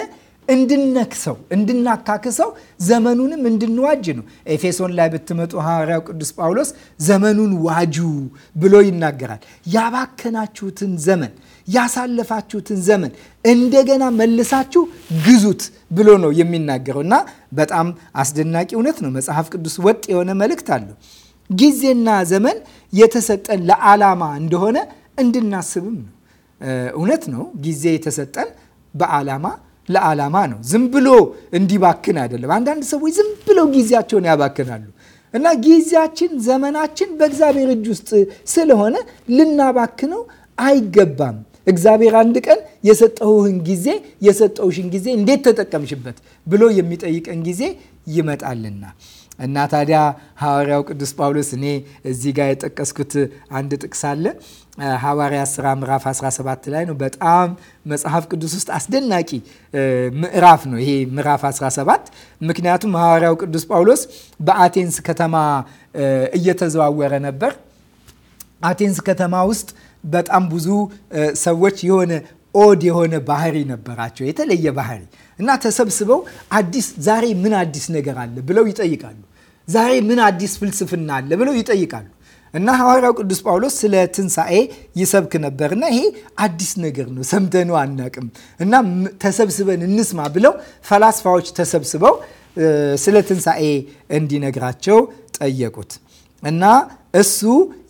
እንድነክሰው እንድናካክሰው ዘመኑንም እንድንዋጅ ነው። ኤፌሶን ላይ ብትመጡ ሐዋርያው ቅዱስ ጳውሎስ ዘመኑን ዋጁ ብሎ ይናገራል። ያባከናችሁትን ዘመን ያሳለፋችሁትን ዘመን እንደገና መልሳችሁ ግዙት ብሎ ነው የሚናገረው እና በጣም አስደናቂ እውነት ነው። መጽሐፍ ቅዱስ ወጥ የሆነ መልእክት አለው። ጊዜና ዘመን የተሰጠን ለዓላማ እንደሆነ እንድናስብም ነው። እውነት ነው። ጊዜ የተሰጠን በዓላማ ለዓላማ ነው። ዝም ብሎ እንዲባክን አይደለም። አንዳንድ ሰዎች ዝም ብለው ጊዜያቸውን ያባክናሉ እና ጊዜያችን፣ ዘመናችን በእግዚአብሔር እጅ ውስጥ ስለሆነ ልናባክነው አይገባም። እግዚአብሔር አንድ ቀን የሰጠውህን ጊዜ የሰጠውሽን ጊዜ እንዴት ተጠቀምሽበት ብሎ የሚጠይቀን ጊዜ ይመጣልና እና ታዲያ ሐዋርያው ቅዱስ ጳውሎስ እኔ እዚህ ጋር የጠቀስኩት አንድ ጥቅስ አለ ሐዋርያት ሥራ ምዕራፍ 17 ላይ ነው። በጣም መጽሐፍ ቅዱስ ውስጥ አስደናቂ ምዕራፍ ነው ይሄ ምዕራፍ 17። ምክንያቱም ሐዋርያው ቅዱስ ጳውሎስ በአቴንስ ከተማ እየተዘዋወረ ነበር። አቴንስ ከተማ ውስጥ በጣም ብዙ ሰዎች የሆነ ኦድ የሆነ ባህሪ ነበራቸው፣ የተለየ ባህሪ እና ተሰብስበው አዲስ ዛሬ ምን አዲስ ነገር አለ ብለው ይጠይቃሉ። ዛሬ ምን አዲስ ፍልስፍና አለ ብለው ይጠይቃሉ። እና ሐዋርያው ቅዱስ ጳውሎስ ስለ ትንሣኤ ይሰብክ እና ይሄ አዲስ ነገር ነው፣ ሰምተነው አናቅም እና ተሰብስበን እንስማ ብለው ፈላስፋዎች ተሰብስበው ስለ ትንሣኤ እንዲነግራቸው ጠየቁት እና እሱ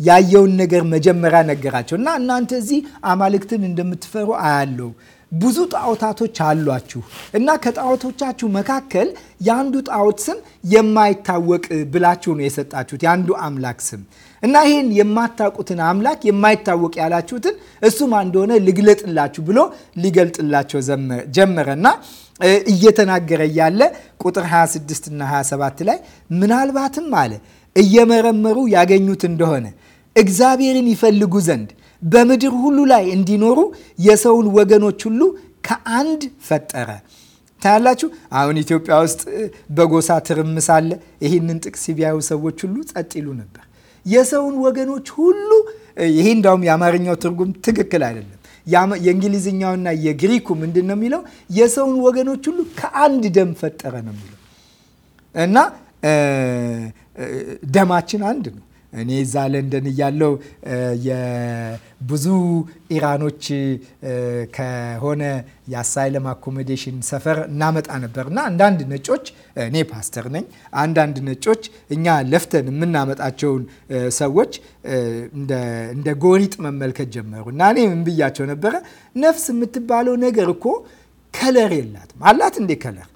ያየውን ነገር መጀመሪያ ነገራቸው እና እናንተ እዚህ አማልክትን እንደምትፈሩ አያለው ብዙ ጣዖታቶች አሏችሁ እና ከጣዖቶቻችሁ መካከል የአንዱ ጣዖት ስም የማይታወቅ ብላችሁ ነው የሰጣችሁት፣ የአንዱ አምላክ ስም እና ይህን የማታውቁትን አምላክ የማይታወቅ ያላችሁትን እሱ ማን እንደሆነ ልግለጥላችሁ ብሎ ሊገልጥላቸው ጀመረ እና እየተናገረ እያለ ቁጥር 26 እና 27 ላይ ምናልባትም አለ እየመረመሩ ያገኙት እንደሆነ እግዚአብሔርን ይፈልጉ ዘንድ በምድር ሁሉ ላይ እንዲኖሩ የሰውን ወገኖች ሁሉ ከአንድ ፈጠረ። ታያላችሁ። አሁን ኢትዮጵያ ውስጥ በጎሳ ትርምስ አለ። ይህንን ጥቅስ ቢያዩ ሰዎች ሁሉ ጸጥ ይሉ ነበር። የሰውን ወገኖች ሁሉ ይህ እንዳውም የአማርኛው ትርጉም ትክክል አይደለም። የእንግሊዝኛውና የግሪኩ ምንድን ነው የሚለው? የሰውን ወገኖች ሁሉ ከአንድ ደም ፈጠረ ነው የሚለው እና ደማችን አንድ ነው። እኔ እዛ ለንደን እያለው የብዙ ኢራኖች ከሆነ የአሳይለም አኮሞዴሽን ሰፈር እናመጣ ነበር እና አንዳንድ ነጮች እኔ ፓስተር ነኝ። አንዳንድ ነጮች እኛ ለፍተን የምናመጣቸውን ሰዎች እንደ ጎሪጥ መመልከት ጀመሩ እና እኔ ምን ብያቸው ነበረ? ነፍስ የምትባለው ነገር እኮ ከለር የላትም። አላት እንዴ ከለር?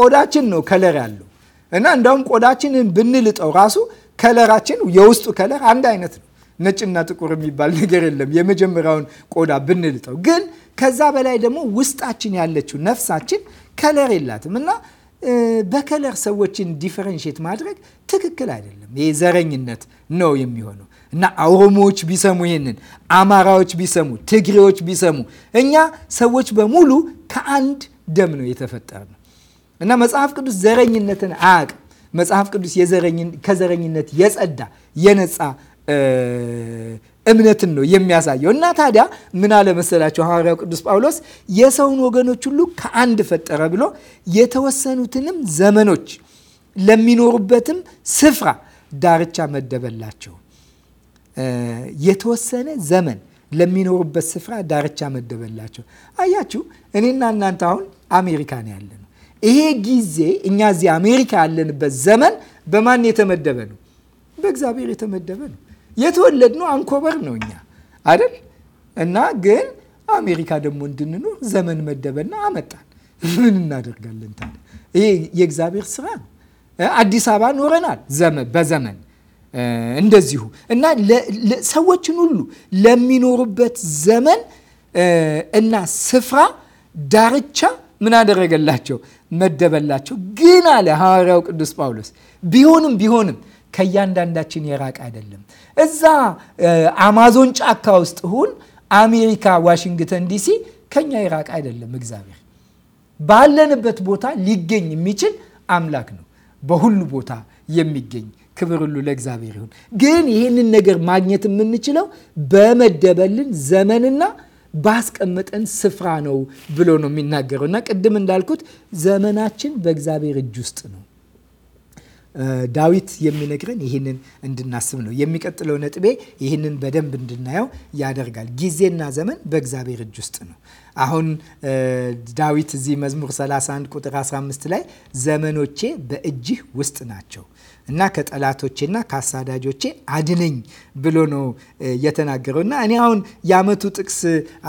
ቆዳችን ነው ከለር ያለው እና እንዳውም ቆዳችንን ብንልጠው ራሱ ከለራችን የውስጡ ከለር አንድ አይነት ነው። ነጭና ጥቁር የሚባል ነገር የለም። የመጀመሪያውን ቆዳ ብንልጠው ግን ከዛ በላይ ደግሞ ውስጣችን ያለችው ነፍሳችን ከለር የላትም እና በከለር ሰዎችን ዲፈረንሽት ማድረግ ትክክል አይደለም። ይህ ዘረኝነት ነው የሚሆነው እና ኦሮሞዎች ቢሰሙ ይህንን፣ አማራዎች ቢሰሙ፣ ትግሬዎች ቢሰሙ እኛ ሰዎች በሙሉ ከአንድ ደም ነው የተፈጠርነው እና መጽሐፍ ቅዱስ ዘረኝነትን አያውቅም። መጽሐፍ ቅዱስ ከዘረኝነት የጸዳ የነጻ እምነትን ነው የሚያሳየው። እና ታዲያ ምን አለ መሰላቸው ሐዋርያው ቅዱስ ጳውሎስ የሰውን ወገኖች ሁሉ ከአንድ ፈጠረ ብሎ የተወሰኑትንም ዘመኖች ለሚኖሩበትም ስፍራ ዳርቻ መደበላቸው። የተወሰነ ዘመን ለሚኖሩበት ስፍራ ዳርቻ መደበላቸው። አያችሁ፣ እኔና እናንተ አሁን አሜሪካን ያለ ይሄ ጊዜ እኛ እዚህ አሜሪካ ያለንበት ዘመን በማን የተመደበ ነው? በእግዚአብሔር የተመደበ ነው። የተወለድነው አንኮበር ነው እኛ አይደል? እና ግን አሜሪካ ደግሞ እንድንኖር ዘመን መደበና አመጣን። ምን እናደርጋለን ታዲያ? ይሄ የእግዚአብሔር ስራ ነው። አዲስ አበባ ኖረናል በዘመን እንደዚሁ እና ሰዎችን ሁሉ ለሚኖሩበት ዘመን እና ስፍራ ዳርቻ ምን አደረገላቸው? መደበላቸው። ግን አለ ሐዋርያው ቅዱስ ጳውሎስ ቢሆንም ቢሆንም ከእያንዳንዳችን የራቀ አይደለም። እዛ አማዞን ጫካ ውስጥ ሁን አሜሪካ ዋሽንግተን ዲሲ ከኛ የራቀ አይደለም። እግዚአብሔር ባለንበት ቦታ ሊገኝ የሚችል አምላክ ነው። በሁሉ ቦታ የሚገኝ ክብር ሁሉ ለእግዚአብሔር ይሁን። ግን ይህንን ነገር ማግኘት የምንችለው በመደበልን ዘመንና ባስቀመጠን ስፍራ ነው ብሎ ነው የሚናገረው እና ቅድም እንዳልኩት ዘመናችን በእግዚአብሔር እጅ ውስጥ ነው። ዳዊት የሚነግረን ይህንን እንድናስብ ነው። የሚቀጥለው ነጥቤ ይህንን በደንብ እንድናየው ያደርጋል። ጊዜና ዘመን በእግዚአብሔር እጅ ውስጥ ነው። አሁን ዳዊት እዚህ መዝሙር 31 ቁጥር 15 ላይ ዘመኖቼ በእጅህ ውስጥ ናቸው እና ከጠላቶቼና ከአሳዳጆቼ አድነኝ ብሎ ነው የተናገረው። እና እኔ አሁን የአመቱ ጥቅስ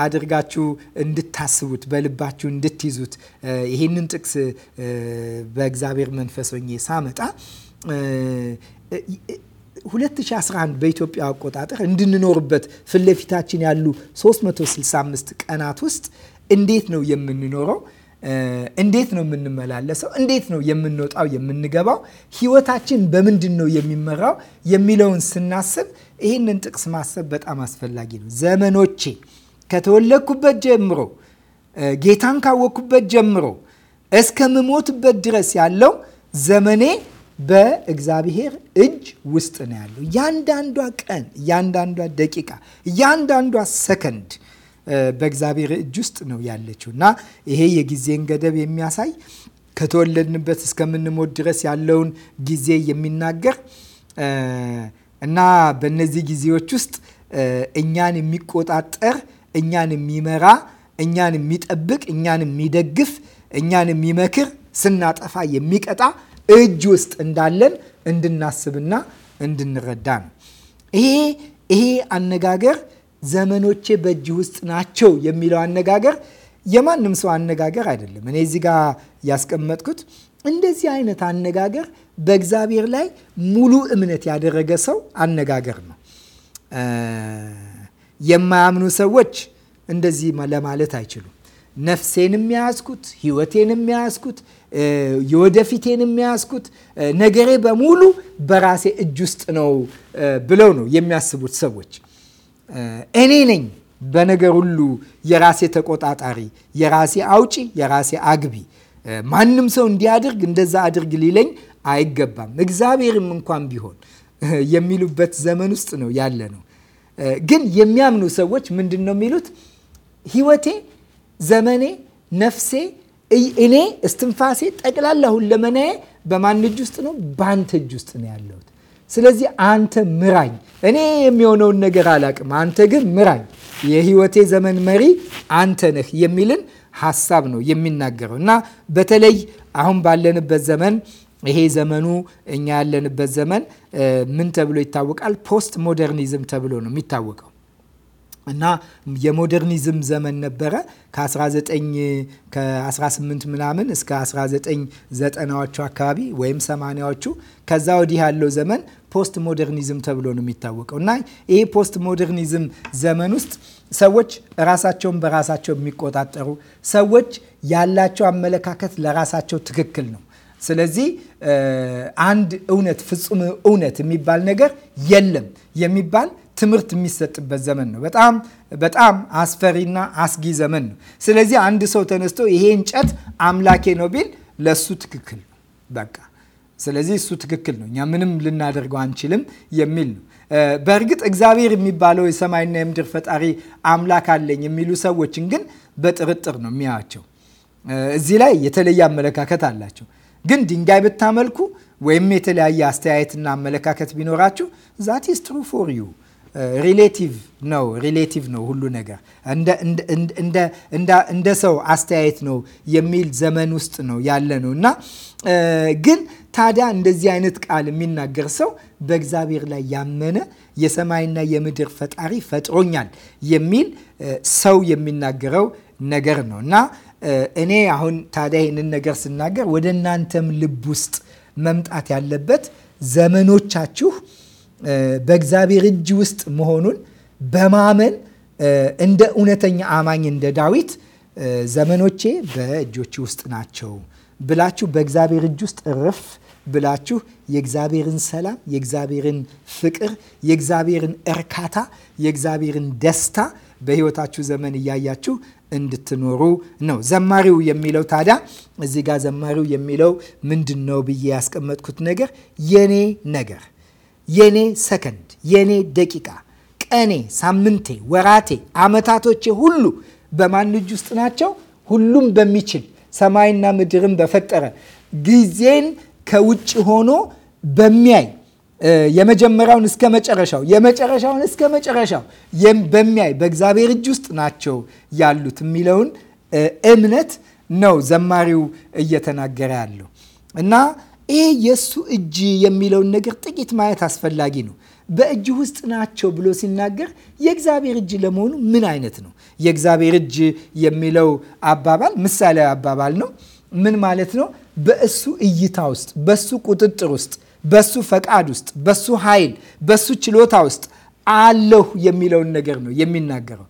አድርጋችሁ እንድታስቡት በልባችሁ እንድትይዙት ይህንን ጥቅስ በእግዚአብሔር መንፈስ ሆኜ ሳመጣ 2011 በኢትዮጵያ አቆጣጠር እንድንኖርበት ፊት ለፊታችን ያሉ 365 ቀናት ውስጥ እንዴት ነው የምንኖረው? እንዴት ነው የምንመላለሰው? እንዴት ነው የምንወጣው የምንገባው? ህይወታችን በምንድን ነው የሚመራው የሚለውን ስናስብ ይህንን ጥቅስ ማሰብ በጣም አስፈላጊ ነው። ዘመኖቼ ከተወለድኩበት ጀምሮ ጌታን ካወቅኩበት ጀምሮ እስከምሞትበት ድረስ ያለው ዘመኔ በእግዚአብሔር እጅ ውስጥ ነው ያለው። እያንዳንዷ ቀን፣ እያንዳንዷ ደቂቃ፣ እያንዳንዷ ሰከንድ በእግዚአብሔር እጅ ውስጥ ነው ያለችው እና ይሄ የጊዜን ገደብ የሚያሳይ ከተወለድንበት እስከምንሞት ድረስ ያለውን ጊዜ የሚናገር እና በእነዚህ ጊዜዎች ውስጥ እኛን የሚቆጣጠር እኛን የሚመራ እኛን የሚጠብቅ እኛን የሚደግፍ እኛን የሚመክር ስናጠፋ የሚቀጣ እጅ ውስጥ እንዳለን እንድናስብና እንድንረዳ ነው። ይሄ ይሄ አነጋገር ዘመኖቼ በእጅ ውስጥ ናቸው የሚለው አነጋገር የማንም ሰው አነጋገር አይደለም። እኔ እዚህ ጋር ያስቀመጥኩት እንደዚህ አይነት አነጋገር በእግዚአብሔር ላይ ሙሉ እምነት ያደረገ ሰው አነጋገር ነው። የማያምኑ ሰዎች እንደዚህ ለማለት አይችሉም። ነፍሴንም የያዝኩት፣ ሕይወቴንም የያዝኩት፣ የወደፊቴንም የያዝኩት ነገሬ በሙሉ በራሴ እጅ ውስጥ ነው ብለው ነው የሚያስቡት ሰዎች እኔ ነኝ በነገር ሁሉ የራሴ ተቆጣጣሪ፣ የራሴ አውጪ፣ የራሴ አግቢ። ማንም ሰው እንዲያድርግ እንደዛ አድርግ ሊለኝ አይገባም። እግዚአብሔርም እንኳን ቢሆን የሚሉበት ዘመን ውስጥ ነው ያለ ነው። ግን የሚያምኑ ሰዎች ምንድን ነው የሚሉት? ህይወቴ ዘመኔ፣ ነፍሴ፣ እኔ፣ እስትንፋሴ፣ ጠቅላላ ሁለመናዬ በማን እጅ ውስጥ ነው? በአንተ እጅ ውስጥ ነው ያለሁት ስለዚህ አንተ ምራኝ። እኔ የሚሆነውን ነገር አላቅም፣ አንተ ግን ምራኝ። የህይወቴ ዘመን መሪ አንተ ነህ የሚልን ሀሳብ ነው የሚናገረው እና በተለይ አሁን ባለንበት ዘመን ይሄ ዘመኑ እኛ ያለንበት ዘመን ምን ተብሎ ይታወቃል? ፖስት ሞደርኒዝም ተብሎ ነው የሚታወቀው። እና የሞደርኒዝም ዘመን ነበረ ከ19 ከ18 ምናምን እስከ 19 ዘጠናዎቹ አካባቢ ወይም ሰማኒያዎቹ ከዛ ወዲህ ያለው ዘመን ፖስት ሞደርኒዝም ተብሎ ነው የሚታወቀው እና ይህ ፖስት ሞደርኒዝም ዘመን ውስጥ ሰዎች ራሳቸውን በራሳቸው የሚቆጣጠሩ ሰዎች ያላቸው አመለካከት ለራሳቸው ትክክል ነው። ስለዚህ አንድ እውነት ፍጹም እውነት የሚባል ነገር የለም የሚባል ትምህርት የሚሰጥበት ዘመን ነው። በጣም በጣም አስፈሪና አስጊ ዘመን ነው። ስለዚህ አንድ ሰው ተነስቶ ይሄ እንጨት አምላኬ ነው ቢል ለእሱ ትክክል ነው። በቃ ስለዚህ እሱ ትክክል ነው፣ እኛ ምንም ልናደርገው አንችልም የሚል ነው። በእርግጥ እግዚአብሔር የሚባለው የሰማይና የምድር ፈጣሪ አምላክ አለኝ የሚሉ ሰዎችን ግን በጥርጥር ነው የሚያያቸው። እዚህ ላይ የተለየ አመለካከት አላቸው። ግን ድንጋይ ብታመልኩ ወይም የተለያየ አስተያየትና አመለካከት ቢኖራችሁ ዛት ኢስ ትሩ ፎር ዩ ሪሌቲቭ ነው። ሪሌቲቭ ነው ሁሉ ነገር እንደ ሰው አስተያየት ነው የሚል ዘመን ውስጥ ነው ያለ ነው እና ግን ታዲያ እንደዚህ አይነት ቃል የሚናገር ሰው በእግዚአብሔር ላይ ያመነ የሰማይና የምድር ፈጣሪ ፈጥሮኛል የሚል ሰው የሚናገረው ነገር ነው እና እኔ አሁን ታዲያ ይህንን ነገር ስናገር ወደ እናንተም ልብ ውስጥ መምጣት ያለበት ዘመኖቻችሁ በእግዚአብሔር እጅ ውስጥ መሆኑን በማመን እንደ እውነተኛ አማኝ እንደ ዳዊት ዘመኖቼ በእጆች ውስጥ ናቸው ብላችሁ በእግዚአብሔር እጅ ውስጥ እርፍ ብላችሁ የእግዚአብሔርን ሰላም፣ የእግዚአብሔርን ፍቅር፣ የእግዚአብሔርን እርካታ፣ የእግዚአብሔርን ደስታ በሕይወታችሁ ዘመን እያያችሁ እንድትኖሩ ነው። ዘማሪው የሚለው ታዲያ እዚህ ጋር ዘማሪው የሚለው ምንድን ነው ብዬ ያስቀመጥኩት ነገር የኔ ነገር የኔ ሰከንድ፣ የኔ ደቂቃ፣ ቀኔ፣ ሳምንቴ፣ ወራቴ፣ አመታቶቼ ሁሉ በማን እጅ ውስጥ ናቸው? ሁሉም በሚችል ሰማይና ምድርን በፈጠረ ጊዜን ከውጭ ሆኖ በሚያይ የመጀመሪያውን እስከ መጨረሻው የመጨረሻውን እስከ መጨረሻው በሚያይ በእግዚአብሔር እጅ ውስጥ ናቸው ያሉት የሚለውን እምነት ነው ዘማሪው እየተናገረ ያለው እና ይሄ የእሱ እጅ የሚለውን ነገር ጥቂት ማየት አስፈላጊ ነው። በእጅ ውስጥ ናቸው ብሎ ሲናገር የእግዚአብሔር እጅ ለመሆኑ ምን አይነት ነው? የእግዚአብሔር እጅ የሚለው አባባል ምሳሌያዊ አባባል ነው። ምን ማለት ነው? በእሱ እይታ ውስጥ፣ በሱ ቁጥጥር ውስጥ፣ በሱ ፈቃድ ውስጥ፣ በሱ ኃይል፣ በሱ ችሎታ ውስጥ አለሁ የሚለውን ነገር ነው የሚናገረው።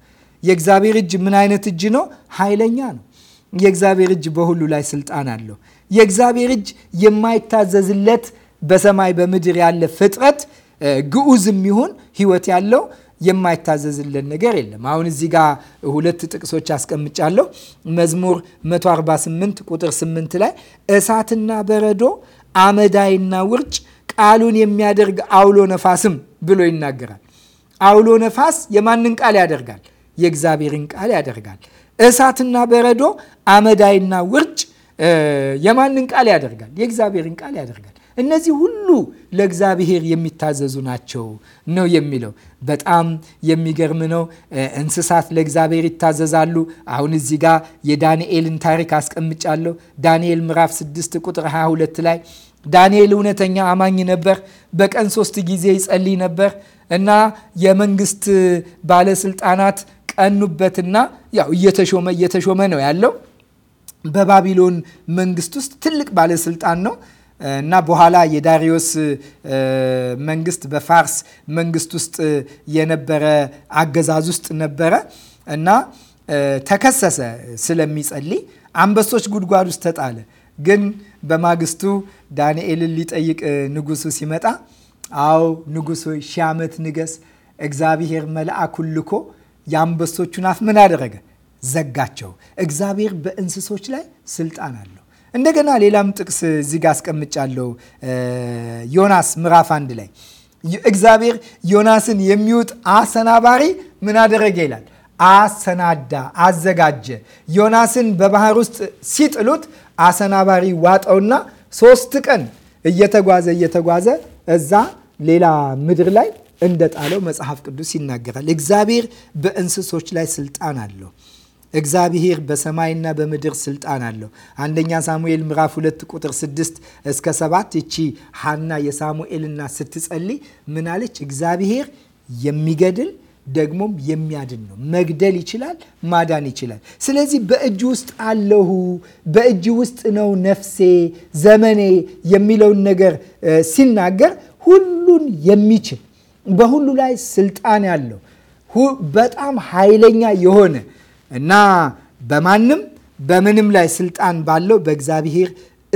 የእግዚአብሔር እጅ ምን አይነት እጅ ነው? ኃይለኛ ነው። የእግዚአብሔር እጅ በሁሉ ላይ ስልጣን አለው። የእግዚአብሔር እጅ የማይታዘዝለት በሰማይ በምድር ያለ ፍጥረት ግዑዝ የሚሆን ህይወት ያለው የማይታዘዝለት ነገር የለም። አሁን እዚህ ጋር ሁለት ጥቅሶች አስቀምጫለሁ። መዝሙር 148 ቁጥር 8 ላይ እሳትና በረዶ አመዳይና ውርጭ ቃሉን የሚያደርግ አውሎ ነፋስም ብሎ ይናገራል። አውሎ ነፋስ የማንን ቃል ያደርጋል? የእግዚአብሔርን ቃል ያደርጋል። እሳትና በረዶ አመዳይና ውርጭ የማንን ቃል ያደርጋል? የእግዚአብሔርን ቃል ያደርጋል። እነዚህ ሁሉ ለእግዚአብሔር የሚታዘዙ ናቸው ነው የሚለው። በጣም የሚገርም ነው። እንስሳት ለእግዚአብሔር ይታዘዛሉ። አሁን እዚህ ጋር የዳንኤልን ታሪክ አስቀምጫለሁ። ዳንኤል ምዕራፍ 6 ቁጥር 22 ላይ ዳንኤል እውነተኛ አማኝ ነበር። በቀን ሶስት ጊዜ ይጸልይ ነበር እና የመንግስት ባለስልጣናት ቀኑበትና ያው እየተሾመ እየተሾመ ነው ያለው በባቢሎን መንግስት ውስጥ ትልቅ ባለስልጣን ነው እና በኋላ የዳሪዮስ መንግስት በፋርስ መንግስት ውስጥ የነበረ አገዛዝ ውስጥ ነበረ እና ተከሰሰ ስለሚጸልይ አንበሶች ጉድጓድ ውስጥ ተጣለ። ግን በማግስቱ ዳንኤልን ሊጠይቅ ንጉሱ ሲመጣ አዎ ንጉሱ ሺህ ዓመት ንገስ፣ እግዚአብሔር መልአኩን ልኮ የአንበሶቹን አፍ ምን አደረገ? ዘጋቸው። እግዚአብሔር በእንስሶች ላይ ስልጣን አለው። እንደገና ሌላም ጥቅስ እዚህ ጋር አስቀምጫለሁ። ዮናስ ምዕራፍ አንድ ላይ እግዚአብሔር ዮናስን የሚውጥ አሰናባሪ ምን አደረገ ይላል። አሰናዳ፣ አዘጋጀ። ዮናስን በባህር ውስጥ ሲጥሉት አሰናባሪ ዋጠውና ሶስት ቀን እየተጓዘ እየተጓዘ እዛ ሌላ ምድር ላይ እንደጣለው መጽሐፍ ቅዱስ ይናገራል። እግዚአብሔር በእንስሶች ላይ ስልጣን አለው። እግዚአብሔር በሰማይና በምድር ስልጣን አለው። አንደኛ ሳሙኤል ምዕራፍ 2 ቁጥር 6 እስከ 7 እቺ ሐና የሳሙኤልና ስትጸልይ ምን አለች? እግዚአብሔር የሚገድል ደግሞም የሚያድን ነው። መግደል ይችላል፣ ማዳን ይችላል። ስለዚህ በእጅ ውስጥ አለሁ፣ በእጅ ውስጥ ነው ነፍሴ፣ ዘመኔ የሚለውን ነገር ሲናገር ሁሉን የሚችል በሁሉ ላይ ስልጣን ያለው በጣም ኃይለኛ የሆነ እና በማንም በምንም ላይ ስልጣን ባለው በእግዚአብሔር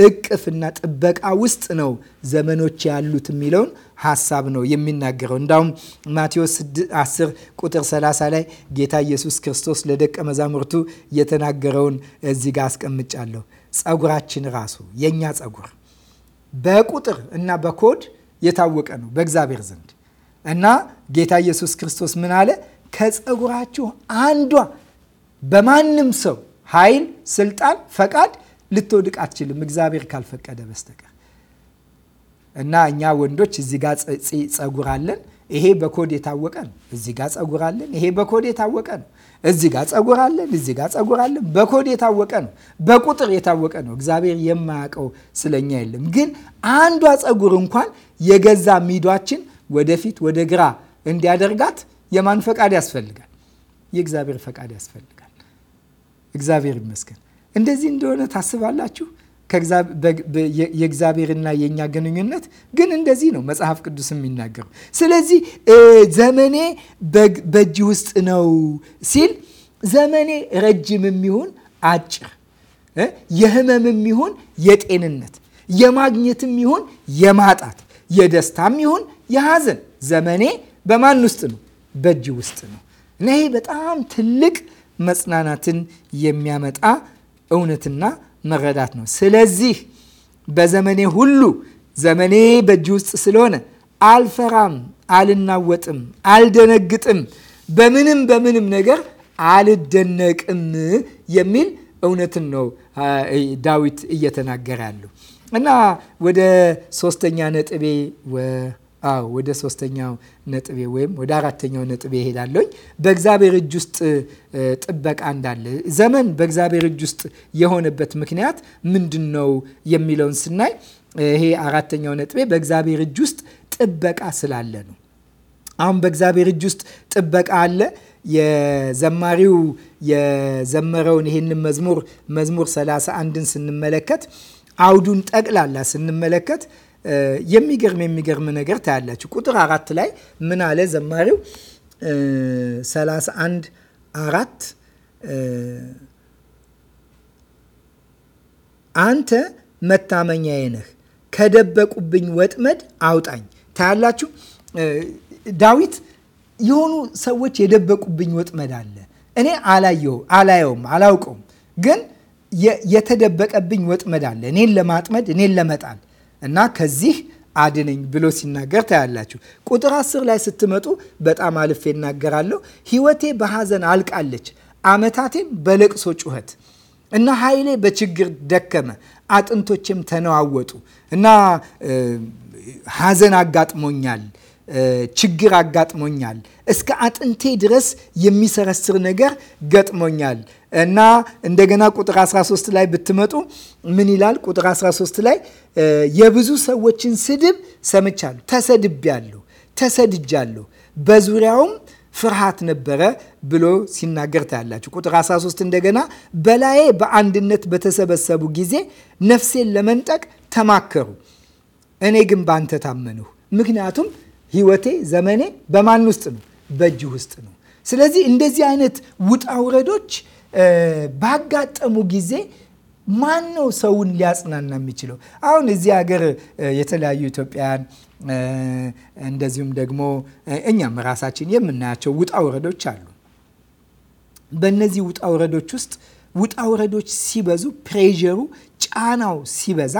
እቅፍና ጥበቃ ውስጥ ነው ዘመኖች ያሉት የሚለውን ሀሳብ ነው የሚናገረው። እንዳውም ማቴዎስ 10 ቁጥር 30 ላይ ጌታ ኢየሱስ ክርስቶስ ለደቀ መዛሙርቱ የተናገረውን እዚህ ጋር አስቀምጫለሁ። ጸጉራችን ራሱ የእኛ ጸጉር በቁጥር እና በኮድ የታወቀ ነው በእግዚአብሔር ዘንድ እና ጌታ ኢየሱስ ክርስቶስ ምን አለ? ከጸጉራችሁ አንዷ በማንም ሰው ኃይል፣ ስልጣን፣ ፈቃድ ልትወድቅ አትችልም እግዚአብሔር ካልፈቀደ በስተቀር እና እኛ ወንዶች እዚህ ጋር ጸጉር አለን። ይሄ በኮድ የታወቀ ነው። እዚህ ጋር ጸጉር አለን። ይሄ በኮድ የታወቀ ነው። እዚህ ጋር ጸጉር አለን። እዚህ ጋር ጸጉር አለን። በኮድ የታወቀ ነው። በቁጥር የታወቀ ነው። እግዚአብሔር የማያውቀው ስለኛ የለም። ግን አንዷ ጸጉር እንኳን የገዛ ሚዷችን ወደፊት ወደ ግራ እንዲያደርጋት የማን ፈቃድ ያስፈልጋል? የእግዚአብሔር ፈቃድ ያስፈልጋል። እግዚአብሔር ይመስገን። እንደዚህ እንደሆነ ታስባላችሁ? የእግዚአብሔርና የእኛ ግንኙነት ግን እንደዚህ ነው መጽሐፍ ቅዱስ የሚናገረው። ስለዚህ ዘመኔ በእጅ ውስጥ ነው ሲል ዘመኔ ረጅም የሚሆን አጭር፣ የህመም የሚሆን የጤንነት፣ የማግኘት የሚሆን የማጣት፣ የደስታ የሚሆን የሐዘን ዘመኔ በማን ውስጥ ነው? በእጅ ውስጥ ነው እና ይሄ በጣም ትልቅ መጽናናትን የሚያመጣ እውነትና መረዳት ነው። ስለዚህ በዘመኔ ሁሉ ዘመኔ በእጅ ውስጥ ስለሆነ አልፈራም፣ አልናወጥም፣ አልደነግጥም፣ በምንም በምንም ነገር አልደነቅም የሚል እውነትን ነው ዳዊት እየተናገረ ያለው እና ወደ ሶስተኛ ነጥቤ አዎ ወደ ሶስተኛው ነጥቤ ወይም ወደ አራተኛው ነጥቤ ይሄዳለኝ። በእግዚአብሔር እጅ ውስጥ ጥበቃ እንዳለ ዘመን በእግዚአብሔር እጅ ውስጥ የሆነበት ምክንያት ምንድን ነው የሚለውን ስናይ ይሄ አራተኛው ነጥቤ በእግዚአብሔር እጅ ውስጥ ጥበቃ ስላለ ነው። አሁን በእግዚአብሔር እጅ ውስጥ ጥበቃ አለ። የዘማሪው የዘመረውን ይህንን መዝሙር መዝሙር 31ን ስንመለከት አውዱን ጠቅላላ ስንመለከት የሚገርም የሚገርም ነገር ታያላችሁ። ቁጥር አራት ላይ ምን አለ ዘማሪው 31 አራት አንተ መታመኛዬ ነህ፣ ከደበቁብኝ ወጥመድ አውጣኝ። ታያላችሁ ዳዊት የሆኑ ሰዎች የደበቁብኝ ወጥመድ አለ። እኔ አላየው አላየውም አላውቀውም፣ ግን የተደበቀብኝ ወጥመድ አለ እኔን ለማጥመድ እኔን ለመጣል እና ከዚህ አድነኝ ብሎ ሲናገር ታያላችሁ። ቁጥር አስር ላይ ስትመጡ በጣም አልፌ እናገራለሁ። ህይወቴ በሐዘን አልቃለች፣ አመታቴም በለቅሶ ጩኸት እና ኃይሌ በችግር ደከመ፣ አጥንቶቼም ተነዋወጡ እና ሐዘን አጋጥሞኛል ችግር አጋጥሞኛል፣ እስከ አጥንቴ ድረስ የሚሰረስር ነገር ገጥሞኛል እና እንደገና ቁጥር 13 ላይ ብትመጡ ምን ይላል? ቁጥር 13 ላይ የብዙ ሰዎችን ስድብ ሰምቻለሁ፣ ተሰድቤያለሁ፣ ተሰድጃለሁ፣ በዙሪያውም ፍርሃት ነበረ ብሎ ሲናገር ታያላችሁ። ቁጥር 13 እንደገና በላዬ በአንድነት በተሰበሰቡ ጊዜ ነፍሴን ለመንጠቅ ተማከሩ፣ እኔ ግን በአንተ ታመንሁ፣ ምክንያቱም ህይወቴ፣ ዘመኔ በማን ውስጥ ነው? በእጅ ውስጥ ነው። ስለዚህ እንደዚህ አይነት ውጣ ውረዶች ባጋጠሙ ጊዜ ማን ነው ሰውን ሊያጽናና የሚችለው? አሁን እዚህ ሀገር የተለያዩ ኢትዮጵያውያን እንደዚሁም ደግሞ እኛም ራሳችን የምናያቸው ውጣ ውረዶች አሉ። በእነዚህ ውጣ ውረዶች ውስጥ ውጣ ውረዶች ሲበዙ፣ ፕሬዠሩ ጫናው ሲበዛ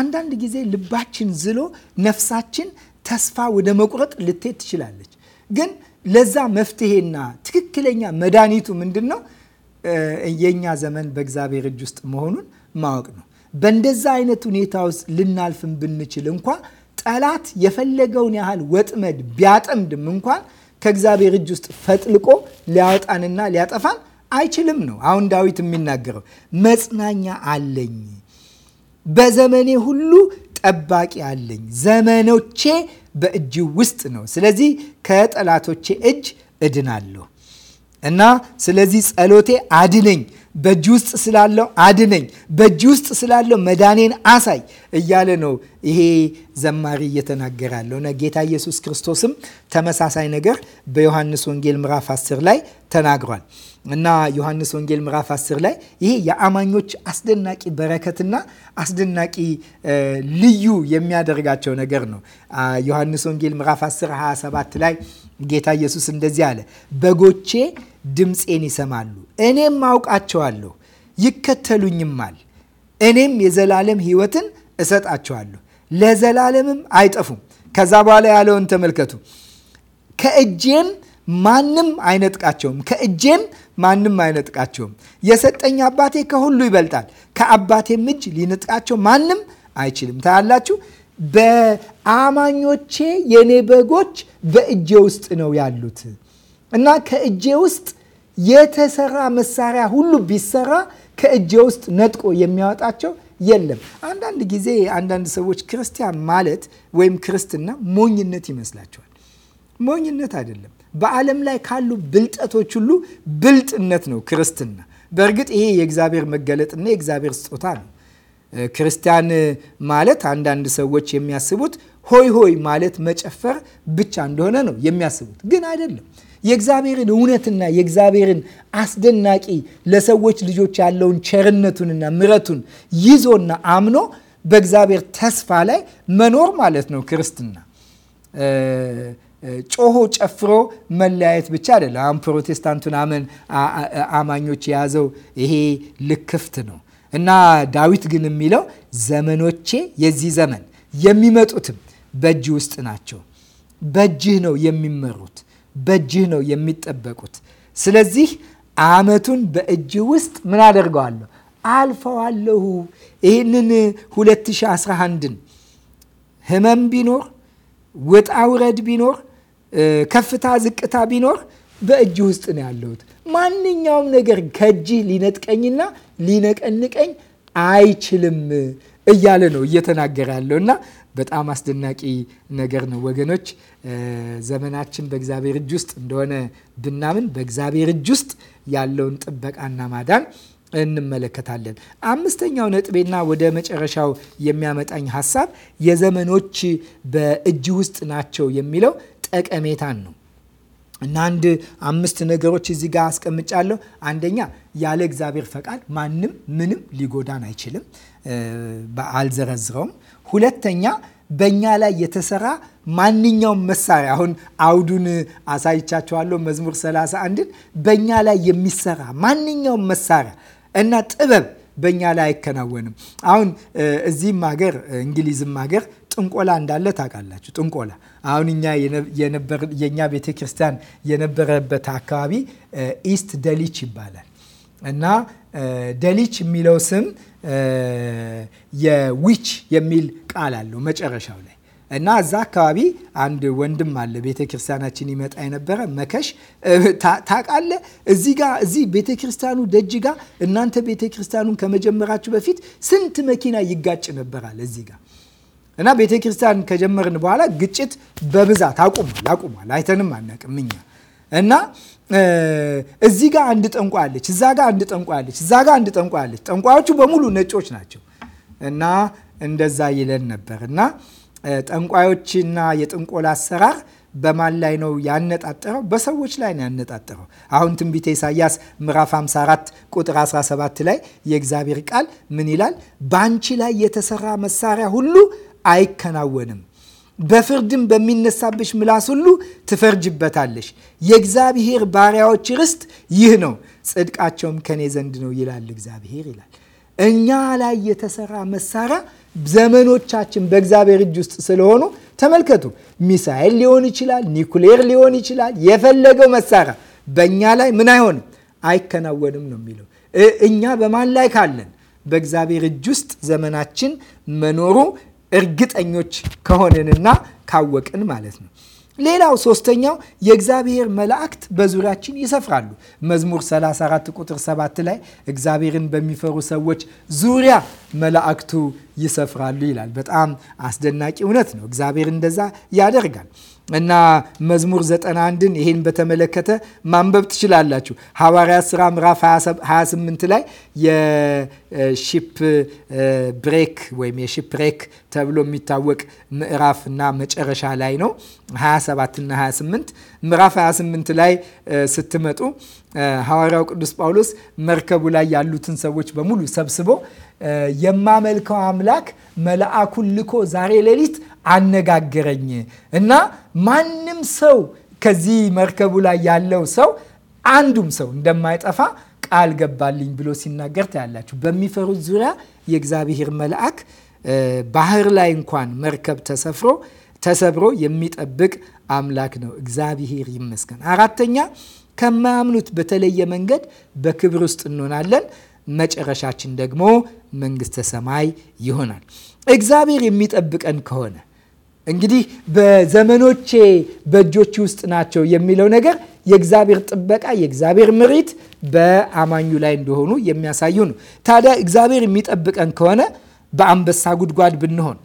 አንዳንድ ጊዜ ልባችን ዝሎ ነፍሳችን ተስፋ ወደ መቁረጥ ልትሄድ ትችላለች። ግን ለዛ መፍትሄና ትክክለኛ መድኃኒቱ ምንድን ነው? የእኛ ዘመን በእግዚአብሔር እጅ ውስጥ መሆኑን ማወቅ ነው። በእንደዛ አይነት ሁኔታ ውስጥ ልናልፍም ብንችል እንኳ ጠላት የፈለገውን ያህል ወጥመድ ቢያጠምድም እንኳን ከእግዚአብሔር እጅ ውስጥ ፈጥልቆ ሊያወጣንና ሊያጠፋን አይችልም ነው አሁን ዳዊት የሚናገረው። መጽናኛ አለኝ፣ በዘመኔ ሁሉ ጠባቂ አለኝ። ዘመኖቼ በእጅ ውስጥ ነው። ስለዚህ ከጠላቶቼ እጅ እድናለሁ እና ስለዚህ ጸሎቴ አድነኝ፣ በእጅ ውስጥ ስላለው አድነኝ፣ በእጅ ውስጥ ስላለው መዳኔን አሳይ እያለ ነው ይሄ ዘማሪ እየተናገረ ያለው እና ጌታ ኢየሱስ ክርስቶስም ተመሳሳይ ነገር በዮሐንስ ወንጌል ምዕራፍ 10 ላይ ተናግሯል። እና ዮሐንስ ወንጌል ምዕራፍ 10 ላይ ይሄ የአማኞች አስደናቂ በረከትና አስደናቂ ልዩ የሚያደርጋቸው ነገር ነው። ዮሐንስ ወንጌል ምዕራፍ 10 27 ላይ ጌታ ኢየሱስ እንደዚህ አለ፣ በጎቼ ድምፄን ይሰማሉ፣ እኔም አውቃቸዋለሁ፣ ይከተሉኝማል፣ እኔም የዘላለም ሕይወትን እሰጣቸዋለሁ፣ ለዘላለምም አይጠፉም። ከዛ በኋላ ያለውን ተመልከቱ፣ ከእጄም ማንም አይነጥቃቸውም፣ ከእጄም ማንም አይነጥቃቸውም። የሰጠኝ አባቴ ከሁሉ ይበልጣል፣ ከአባቴም እጅ ሊነጥቃቸው ማንም አይችልም። ታያላችሁ፣ በአማኞቼ የኔ በጎች በእጄ ውስጥ ነው ያሉት እና ከእጄ ውስጥ የተሰራ መሳሪያ ሁሉ ቢሰራ ከእጄ ውስጥ ነጥቆ የሚያወጣቸው የለም። አንዳንድ ጊዜ አንዳንድ ሰዎች ክርስቲያን ማለት ወይም ክርስትና ሞኝነት ይመስላቸዋል። ሞኝነት አይደለም። በዓለም ላይ ካሉ ብልጠቶች ሁሉ ብልጥነት ነው ክርስትና። በእርግጥ ይሄ የእግዚአብሔር መገለጥና የእግዚአብሔር ስጦታ ነው። ክርስቲያን ማለት አንዳንድ ሰዎች የሚያስቡት ሆይ ሆይ ማለት መጨፈር ብቻ እንደሆነ ነው የሚያስቡት፣ ግን አይደለም። የእግዚአብሔርን እውነትና የእግዚአብሔርን አስደናቂ ለሰዎች ልጆች ያለውን ቸርነቱንና ምረቱን ይዞና አምኖ በእግዚአብሔር ተስፋ ላይ መኖር ማለት ነው ክርስትና። ጮሆ ጨፍሮ መለያየት ብቻ አይደለም። አሁን ፕሮቴስታንቱን አመን አማኞች የያዘው ይሄ ልክፍት ነው እና ዳዊት ግን የሚለው ዘመኖቼ የዚህ ዘመን የሚመጡትም በእጅ ውስጥ ናቸው። በእጅህ ነው የሚመሩት፣ በእጅህ ነው የሚጠበቁት። ስለዚህ አመቱን በእጅ ውስጥ ምን አደርገዋለሁ? አልፈዋለሁ። ይህንን 2011ን ህመም ቢኖር ውጣ ውረድ ቢኖር ከፍታ ዝቅታ ቢኖር በእጅ ውስጥ ነው ያለሁት። ማንኛውም ነገር ከእጅህ ሊነጥቀኝና ሊነቀንቀኝ አይችልም እያለ ነው እየተናገረ ያለው እና በጣም አስደናቂ ነገር ነው ወገኖች። ዘመናችን በእግዚአብሔር እጅ ውስጥ እንደሆነ ብናምን በእግዚአብሔር እጅ ውስጥ ያለውን ጥበቃና ማዳን እንመለከታለን። አምስተኛው ነጥቤና ወደ መጨረሻው የሚያመጣኝ ሀሳብ የዘመኖች በእጅ ውስጥ ናቸው የሚለው ጠቀሜታን ነው። እና አንድ አምስት ነገሮች እዚህ ጋር አስቀምጫለሁ። አንደኛ ያለ እግዚአብሔር ፈቃድ ማንም ምንም ሊጎዳን አይችልም፣ አልዘረዝረውም። ሁለተኛ በእኛ ላይ የተሰራ ማንኛውም መሳሪያ አሁን አውዱን አሳይቻችኋለሁ። መዝሙር 31ን በእኛ ላይ የሚሰራ ማንኛውም መሳሪያ እና ጥበብ በእኛ ላይ አይከናወንም። አሁን እዚህም ሀገር እንግሊዝም ሀገር ጥንቆላ እንዳለ ታውቃላችሁ። ጥንቆላ አሁን እኛ የእኛ ቤተ ክርስቲያን የነበረበት አካባቢ ኢስት ደሊች ይባላል እና ደሊች የሚለው ስም የዊች የሚል ቃል አለው መጨረሻው ላይ እና እዛ አካባቢ አንድ ወንድም አለ ቤተ ክርስቲያናችን ይመጣ የነበረ መከሽ ታቃለ እዚህ ጋ እዚህ ቤተ ክርስቲያኑ ደጅ ጋ እናንተ ቤተ ክርስቲያኑን ከመጀመራችሁ በፊት ስንት መኪና ይጋጭ ነበራል እዚህ እና ቤተ ክርስቲያን ከጀመርን በኋላ ግጭት በብዛት አቁሟል አቁሟል። አይተንም አናቅም እኛ እና እዚህ ጋር አንድ ጠንቋ አለች፣ እዛ ጋር አንድ ጠንቋ አለች፣ እዛ ጋር አንድ ጠንቋ አለች። ጠንቋዮቹ በሙሉ ነጮች ናቸው እና እንደዛ ይለን ነበር እና ጠንቋዮችና የጥንቆላ አሰራር በማን ላይ ነው ያነጣጠረው? በሰዎች ላይ ነው ያነጣጠረው። አሁን ትንቢተ ኢሳያስ ምዕራፍ 54 ቁጥር 17 ላይ የእግዚአብሔር ቃል ምን ይላል? በአንቺ ላይ የተሰራ መሳሪያ ሁሉ አይከናወንም። በፍርድም በሚነሳብሽ ምላስ ሁሉ ትፈርጅበታለሽ። የእግዚአብሔር ባሪያዎች ርስት ይህ ነው፣ ጽድቃቸውም ከኔ ዘንድ ነው ይላል እግዚአብሔር ይላል። እኛ ላይ የተሰራ መሳሪያ ዘመኖቻችን በእግዚአብሔር እጅ ውስጥ ስለሆኑ ተመልከቱ። ሚሳኤል ሊሆን ይችላል፣ ኒኩሌር ሊሆን ይችላል። የፈለገው መሳሪያ በእኛ ላይ ምን አይሆንም፣ አይከናወንም ነው የሚለው። እኛ በማን ላይ ካለን በእግዚአብሔር እጅ ውስጥ ዘመናችን መኖሩ እርግጠኞች ከሆነንና ካወቅን ማለት ነው። ሌላው ሶስተኛው የእግዚአብሔር መላእክት በዙሪያችን ይሰፍራሉ። መዝሙር 34 ቁጥር 7 ላይ እግዚአብሔርን በሚፈሩ ሰዎች ዙሪያ መላእክቱ ይሰፍራሉ ይላል። በጣም አስደናቂ እውነት ነው። እግዚአብሔር እንደዛ ያደርጋል እና መዝሙር 91ን ይሄን በተመለከተ ማንበብ ትችላላችሁ። ሐዋርያ ሥራ ምዕራፍ 28 ላይ የሺፕ ብሬክ ወይም የሺፕ ብሬክ ተብሎ የሚታወቅ ምዕራፍ እና መጨረሻ ላይ ነው። 27 እና 28 ምዕራፍ 28 ላይ ስትመጡ ሐዋርያው ቅዱስ ጳውሎስ መርከቡ ላይ ያሉትን ሰዎች በሙሉ ሰብስቦ የማመልከው አምላክ መልአኩን ልኮ ዛሬ ሌሊት አነጋገረኝ እና ማንም ሰው ከዚህ መርከቡ ላይ ያለው ሰው አንዱም ሰው እንደማይጠፋ ቃል ገባልኝ ብሎ ሲናገር ታያላችሁ። በሚፈሩት ዙሪያ የእግዚአብሔር መልአክ ባህር ላይ እንኳን መርከብ ተሰፍሮ ተሰብሮ የሚጠብቅ አምላክ ነው። እግዚአብሔር ይመስገን። አራተኛ ከማያምኑት በተለየ መንገድ በክብር ውስጥ እንሆናለን። መጨረሻችን ደግሞ መንግስተ ሰማይ ይሆናል። እግዚአብሔር የሚጠብቀን ከሆነ እንግዲህ በዘመኖቼ በእጆች ውስጥ ናቸው የሚለው ነገር የእግዚአብሔር ጥበቃ የእግዚአብሔር ምሪት በአማኙ ላይ እንደሆኑ የሚያሳዩ ነው። ታዲያ እግዚአብሔር የሚጠብቀን ከሆነ በአንበሳ ጉድጓድ ብንሆን፣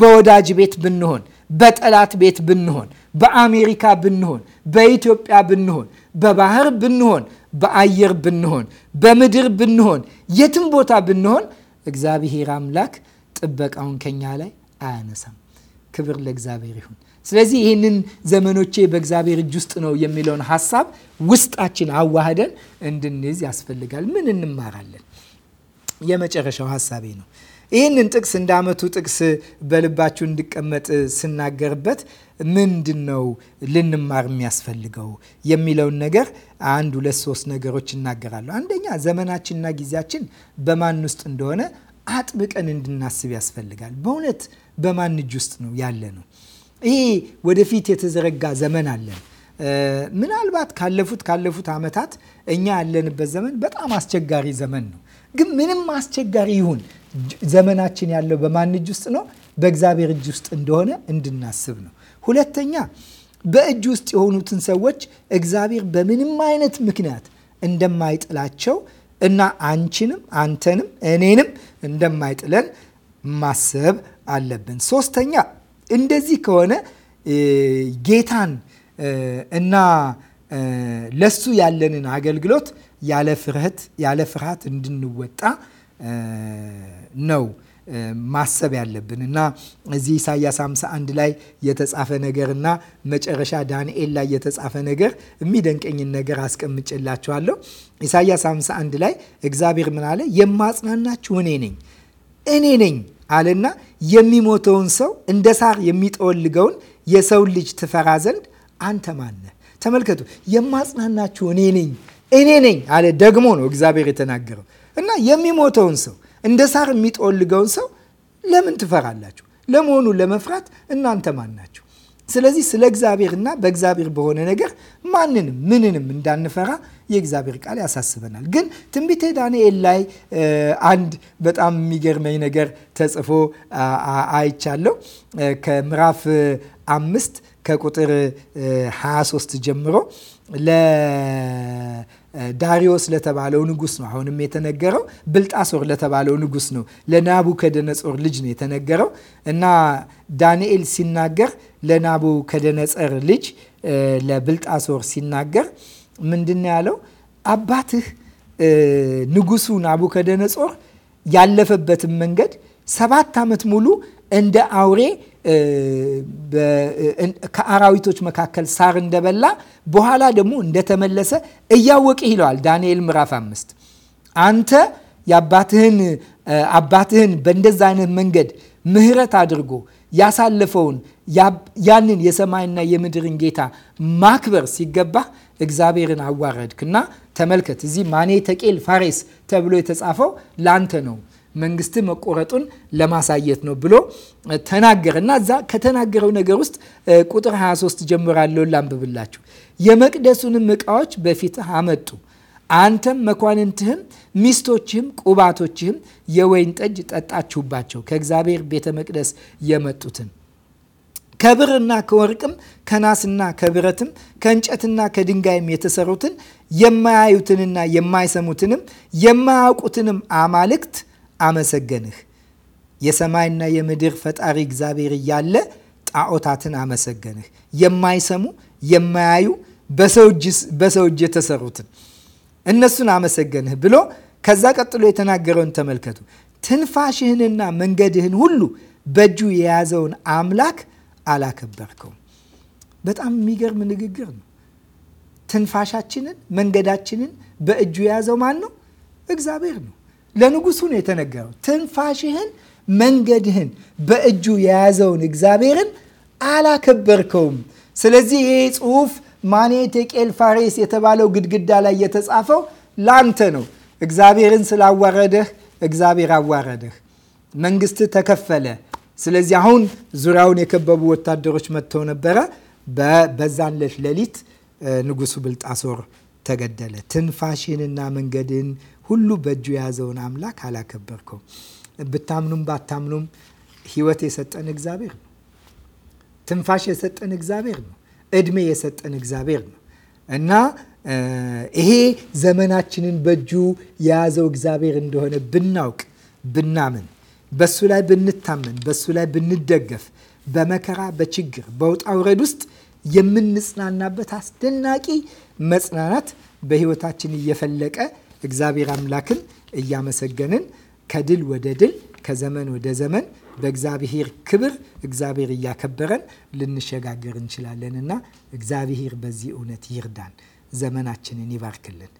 በወዳጅ ቤት ብንሆን፣ በጠላት ቤት ብንሆን፣ በአሜሪካ ብንሆን፣ በኢትዮጵያ ብንሆን በባህር ብንሆን፣ በአየር ብንሆን፣ በምድር ብንሆን፣ የትም ቦታ ብንሆን እግዚአብሔር አምላክ ጥበቃውን ከኛ ላይ አያነሳም። ክብር ለእግዚአብሔር ይሁን። ስለዚህ ይህንን ዘመኖቼ በእግዚአብሔር እጅ ውስጥ ነው የሚለውን ሀሳብ ውስጣችን አዋህደን እንድንይዝ ያስፈልጋል። ምን እንማራለን? የመጨረሻው ሀሳቤ ነው። ይህንን ጥቅስ እንደ ዓመቱ ጥቅስ በልባችሁ እንዲቀመጥ ስናገርበት ምንድን ነው ልንማር የሚያስፈልገው የሚለውን ነገር አንድ ሁለት ሶስት ነገሮች እናገራለሁ። አንደኛ ዘመናችንና ጊዜያችን በማን ውስጥ እንደሆነ አጥብቀን እንድናስብ ያስፈልጋል። በእውነት በማን እጅ ውስጥ ነው ያለ ነው? ይሄ ወደፊት የተዘረጋ ዘመን አለን። ምናልባት ካለፉት ካለፉት ዓመታት እኛ ያለንበት ዘመን በጣም አስቸጋሪ ዘመን ነው። ግን ምንም አስቸጋሪ ይሁን ዘመናችን ያለው በማን እጅ ውስጥ ነው? በእግዚአብሔር እጅ ውስጥ እንደሆነ እንድናስብ ነው። ሁለተኛ በእጅ ውስጥ የሆኑትን ሰዎች እግዚአብሔር በምንም አይነት ምክንያት እንደማይጥላቸው እና አንቺንም አንተንም እኔንም እንደማይጥለን ማሰብ አለብን። ሶስተኛ እንደዚህ ከሆነ ጌታን እና ለሱ ያለንን አገልግሎት ያለ ፍርሃት እንድንወጣ ነው። ማሰብ ያለብን እና እዚህ ኢሳያስ 51 ላይ የተጻፈ ነገር እና መጨረሻ ዳንኤል ላይ የተጻፈ ነገር የሚደንቀኝን ነገር አስቀምጬላችኋለሁ። ኢሳያስ 51 ላይ እግዚአብሔር ምን አለ? የማጽናናችሁ እኔ ነኝ እኔ ነኝ አለና የሚሞተውን ሰው እንደ ሳር የሚጠወልገውን የሰው ልጅ ትፈራ ዘንድ አንተ ማነ? ተመልከቱ። የማጽናናችሁ እኔ ነኝ እኔ ነኝ አለ። ደግሞ ነው እግዚአብሔር የተናገረው እና የሚሞተውን ሰው እንደ ሳር የሚጠወልገውን ሰው ለምን ትፈራላችሁ? ለመሆኑ ለመፍራት እናንተ ማን ናችሁ? ስለዚህ ስለ እግዚአብሔርና በእግዚአብሔር በሆነ ነገር ማንንም ምንንም እንዳንፈራ የእግዚአብሔር ቃል ያሳስበናል። ግን ትንቢተ ዳንኤል ላይ አንድ በጣም የሚገርመኝ ነገር ተጽፎ አይቻለሁ። ከምዕራፍ አምስት ከቁጥር 23 ጀምሮ ዳሪዮስ ለተባለው ንጉስ ነው አሁንም የተነገረው። ብልጣሶር ለተባለው ንጉስ ነው፣ ለናቡከደነጾር ልጅ ነው የተነገረው እና ዳንኤል ሲናገር ለናቡከደነጾር ልጅ ለብልጣሶር ሲናገር ምንድን ያለው? አባትህ ንጉሱ ናቡከደነጾር ያለፈበትን መንገድ ሰባት ዓመት ሙሉ እንደ አውሬ ከአራዊቶች መካከል ሳር እንደበላ በኋላ ደግሞ እንደተመለሰ እያወቀ ይለዋል። ዳንኤል ምዕራፍ አምስት አንተ የአባትህን አባትህን በእንደዛ አይነት መንገድ ምህረት አድርጎ ያሳለፈውን ያንን የሰማይና የምድርን ጌታ ማክበር ሲገባ እግዚአብሔርን አዋረድክና ተመልከት፣ እዚህ ማኔ ተቄል ፋሬስ ተብሎ የተጻፈው ለአንተ ነው መንግስት መቆረጡን ለማሳየት ነው ብሎ ተናገረ እና እዛ ከተናገረው ነገር ውስጥ ቁጥር 23 ጀምሮ ላንብብላችሁ። የመቅደሱንም እቃዎች በፊትህ አመጡ። አንተም መኳንንትህም ሚስቶችህም ቁባቶችህም የወይን ጠጅ ጠጣችሁባቸው፣ ከእግዚአብሔር ቤተ መቅደስ የመጡትን ከብርና ከወርቅም ከናስና ከብረትም ከእንጨትና ከድንጋይም የተሰሩትን የማያዩትንና የማይሰሙትንም የማያውቁትንም አማልክት አመሰገንህ። የሰማይና የምድር ፈጣሪ እግዚአብሔር እያለ ጣዖታትን አመሰገንህ። የማይሰሙ የማያዩ በሰው እጅ የተሰሩትን እነሱን አመሰገንህ ብሎ ከዛ ቀጥሎ የተናገረውን ተመልከቱ። ትንፋሽህንና መንገድህን ሁሉ በእጁ የያዘውን አምላክ አላከበርከውም። በጣም የሚገርም ንግግር ነው። ትንፋሻችንን መንገዳችንን በእጁ የያዘው ማን ነው? እግዚአብሔር ነው። ለንጉሱ ነው የተነገረው። ትንፋሽህን፣ መንገድህን በእጁ የያዘውን እግዚአብሔርን አላከበርከውም። ስለዚህ ይህ ጽሑፍ ማኔ ቴቄል ፋሬስ የተባለው ግድግዳ ላይ የተጻፈው ላንተ ነው። እግዚአብሔርን ስላዋረደህ እግዚአብሔር አዋረደህ፣ መንግስት ተከፈለ። ስለዚህ አሁን ዙሪያውን የከበቡ ወታደሮች መጥተው ነበረ። በዛን ሌሊት ንጉሱ ብልጣሶር ተገደለ። ትንፋሽንና መንገድን ሁሉ በእጁ የያዘውን አምላክ አላከበርከው። ብታምኑም ባታምኑም ህይወት የሰጠን እግዚአብሔር ነው። ትንፋሽ የሰጠን እግዚአብሔር ነው። እድሜ የሰጠን እግዚአብሔር ነው እና ይሄ ዘመናችንን በእጁ የያዘው እግዚአብሔር እንደሆነ ብናውቅ ብናምን በሱ ላይ ብንታመን በሱ ላይ ብንደገፍ በመከራ በችግር በውጣ ውረድ ውስጥ የምንጽናናበት አስደናቂ መጽናናት በህይወታችን እየፈለቀ እግዚአብሔር አምላክን እያመሰገንን ከድል ወደ ድል ከዘመን ወደ ዘመን በእግዚአብሔር ክብር እግዚአብሔር እያከበረን ልንሸጋገር እንችላለን እና እግዚአብሔር በዚህ እውነት ይርዳን፣ ዘመናችንን ይባርክልን።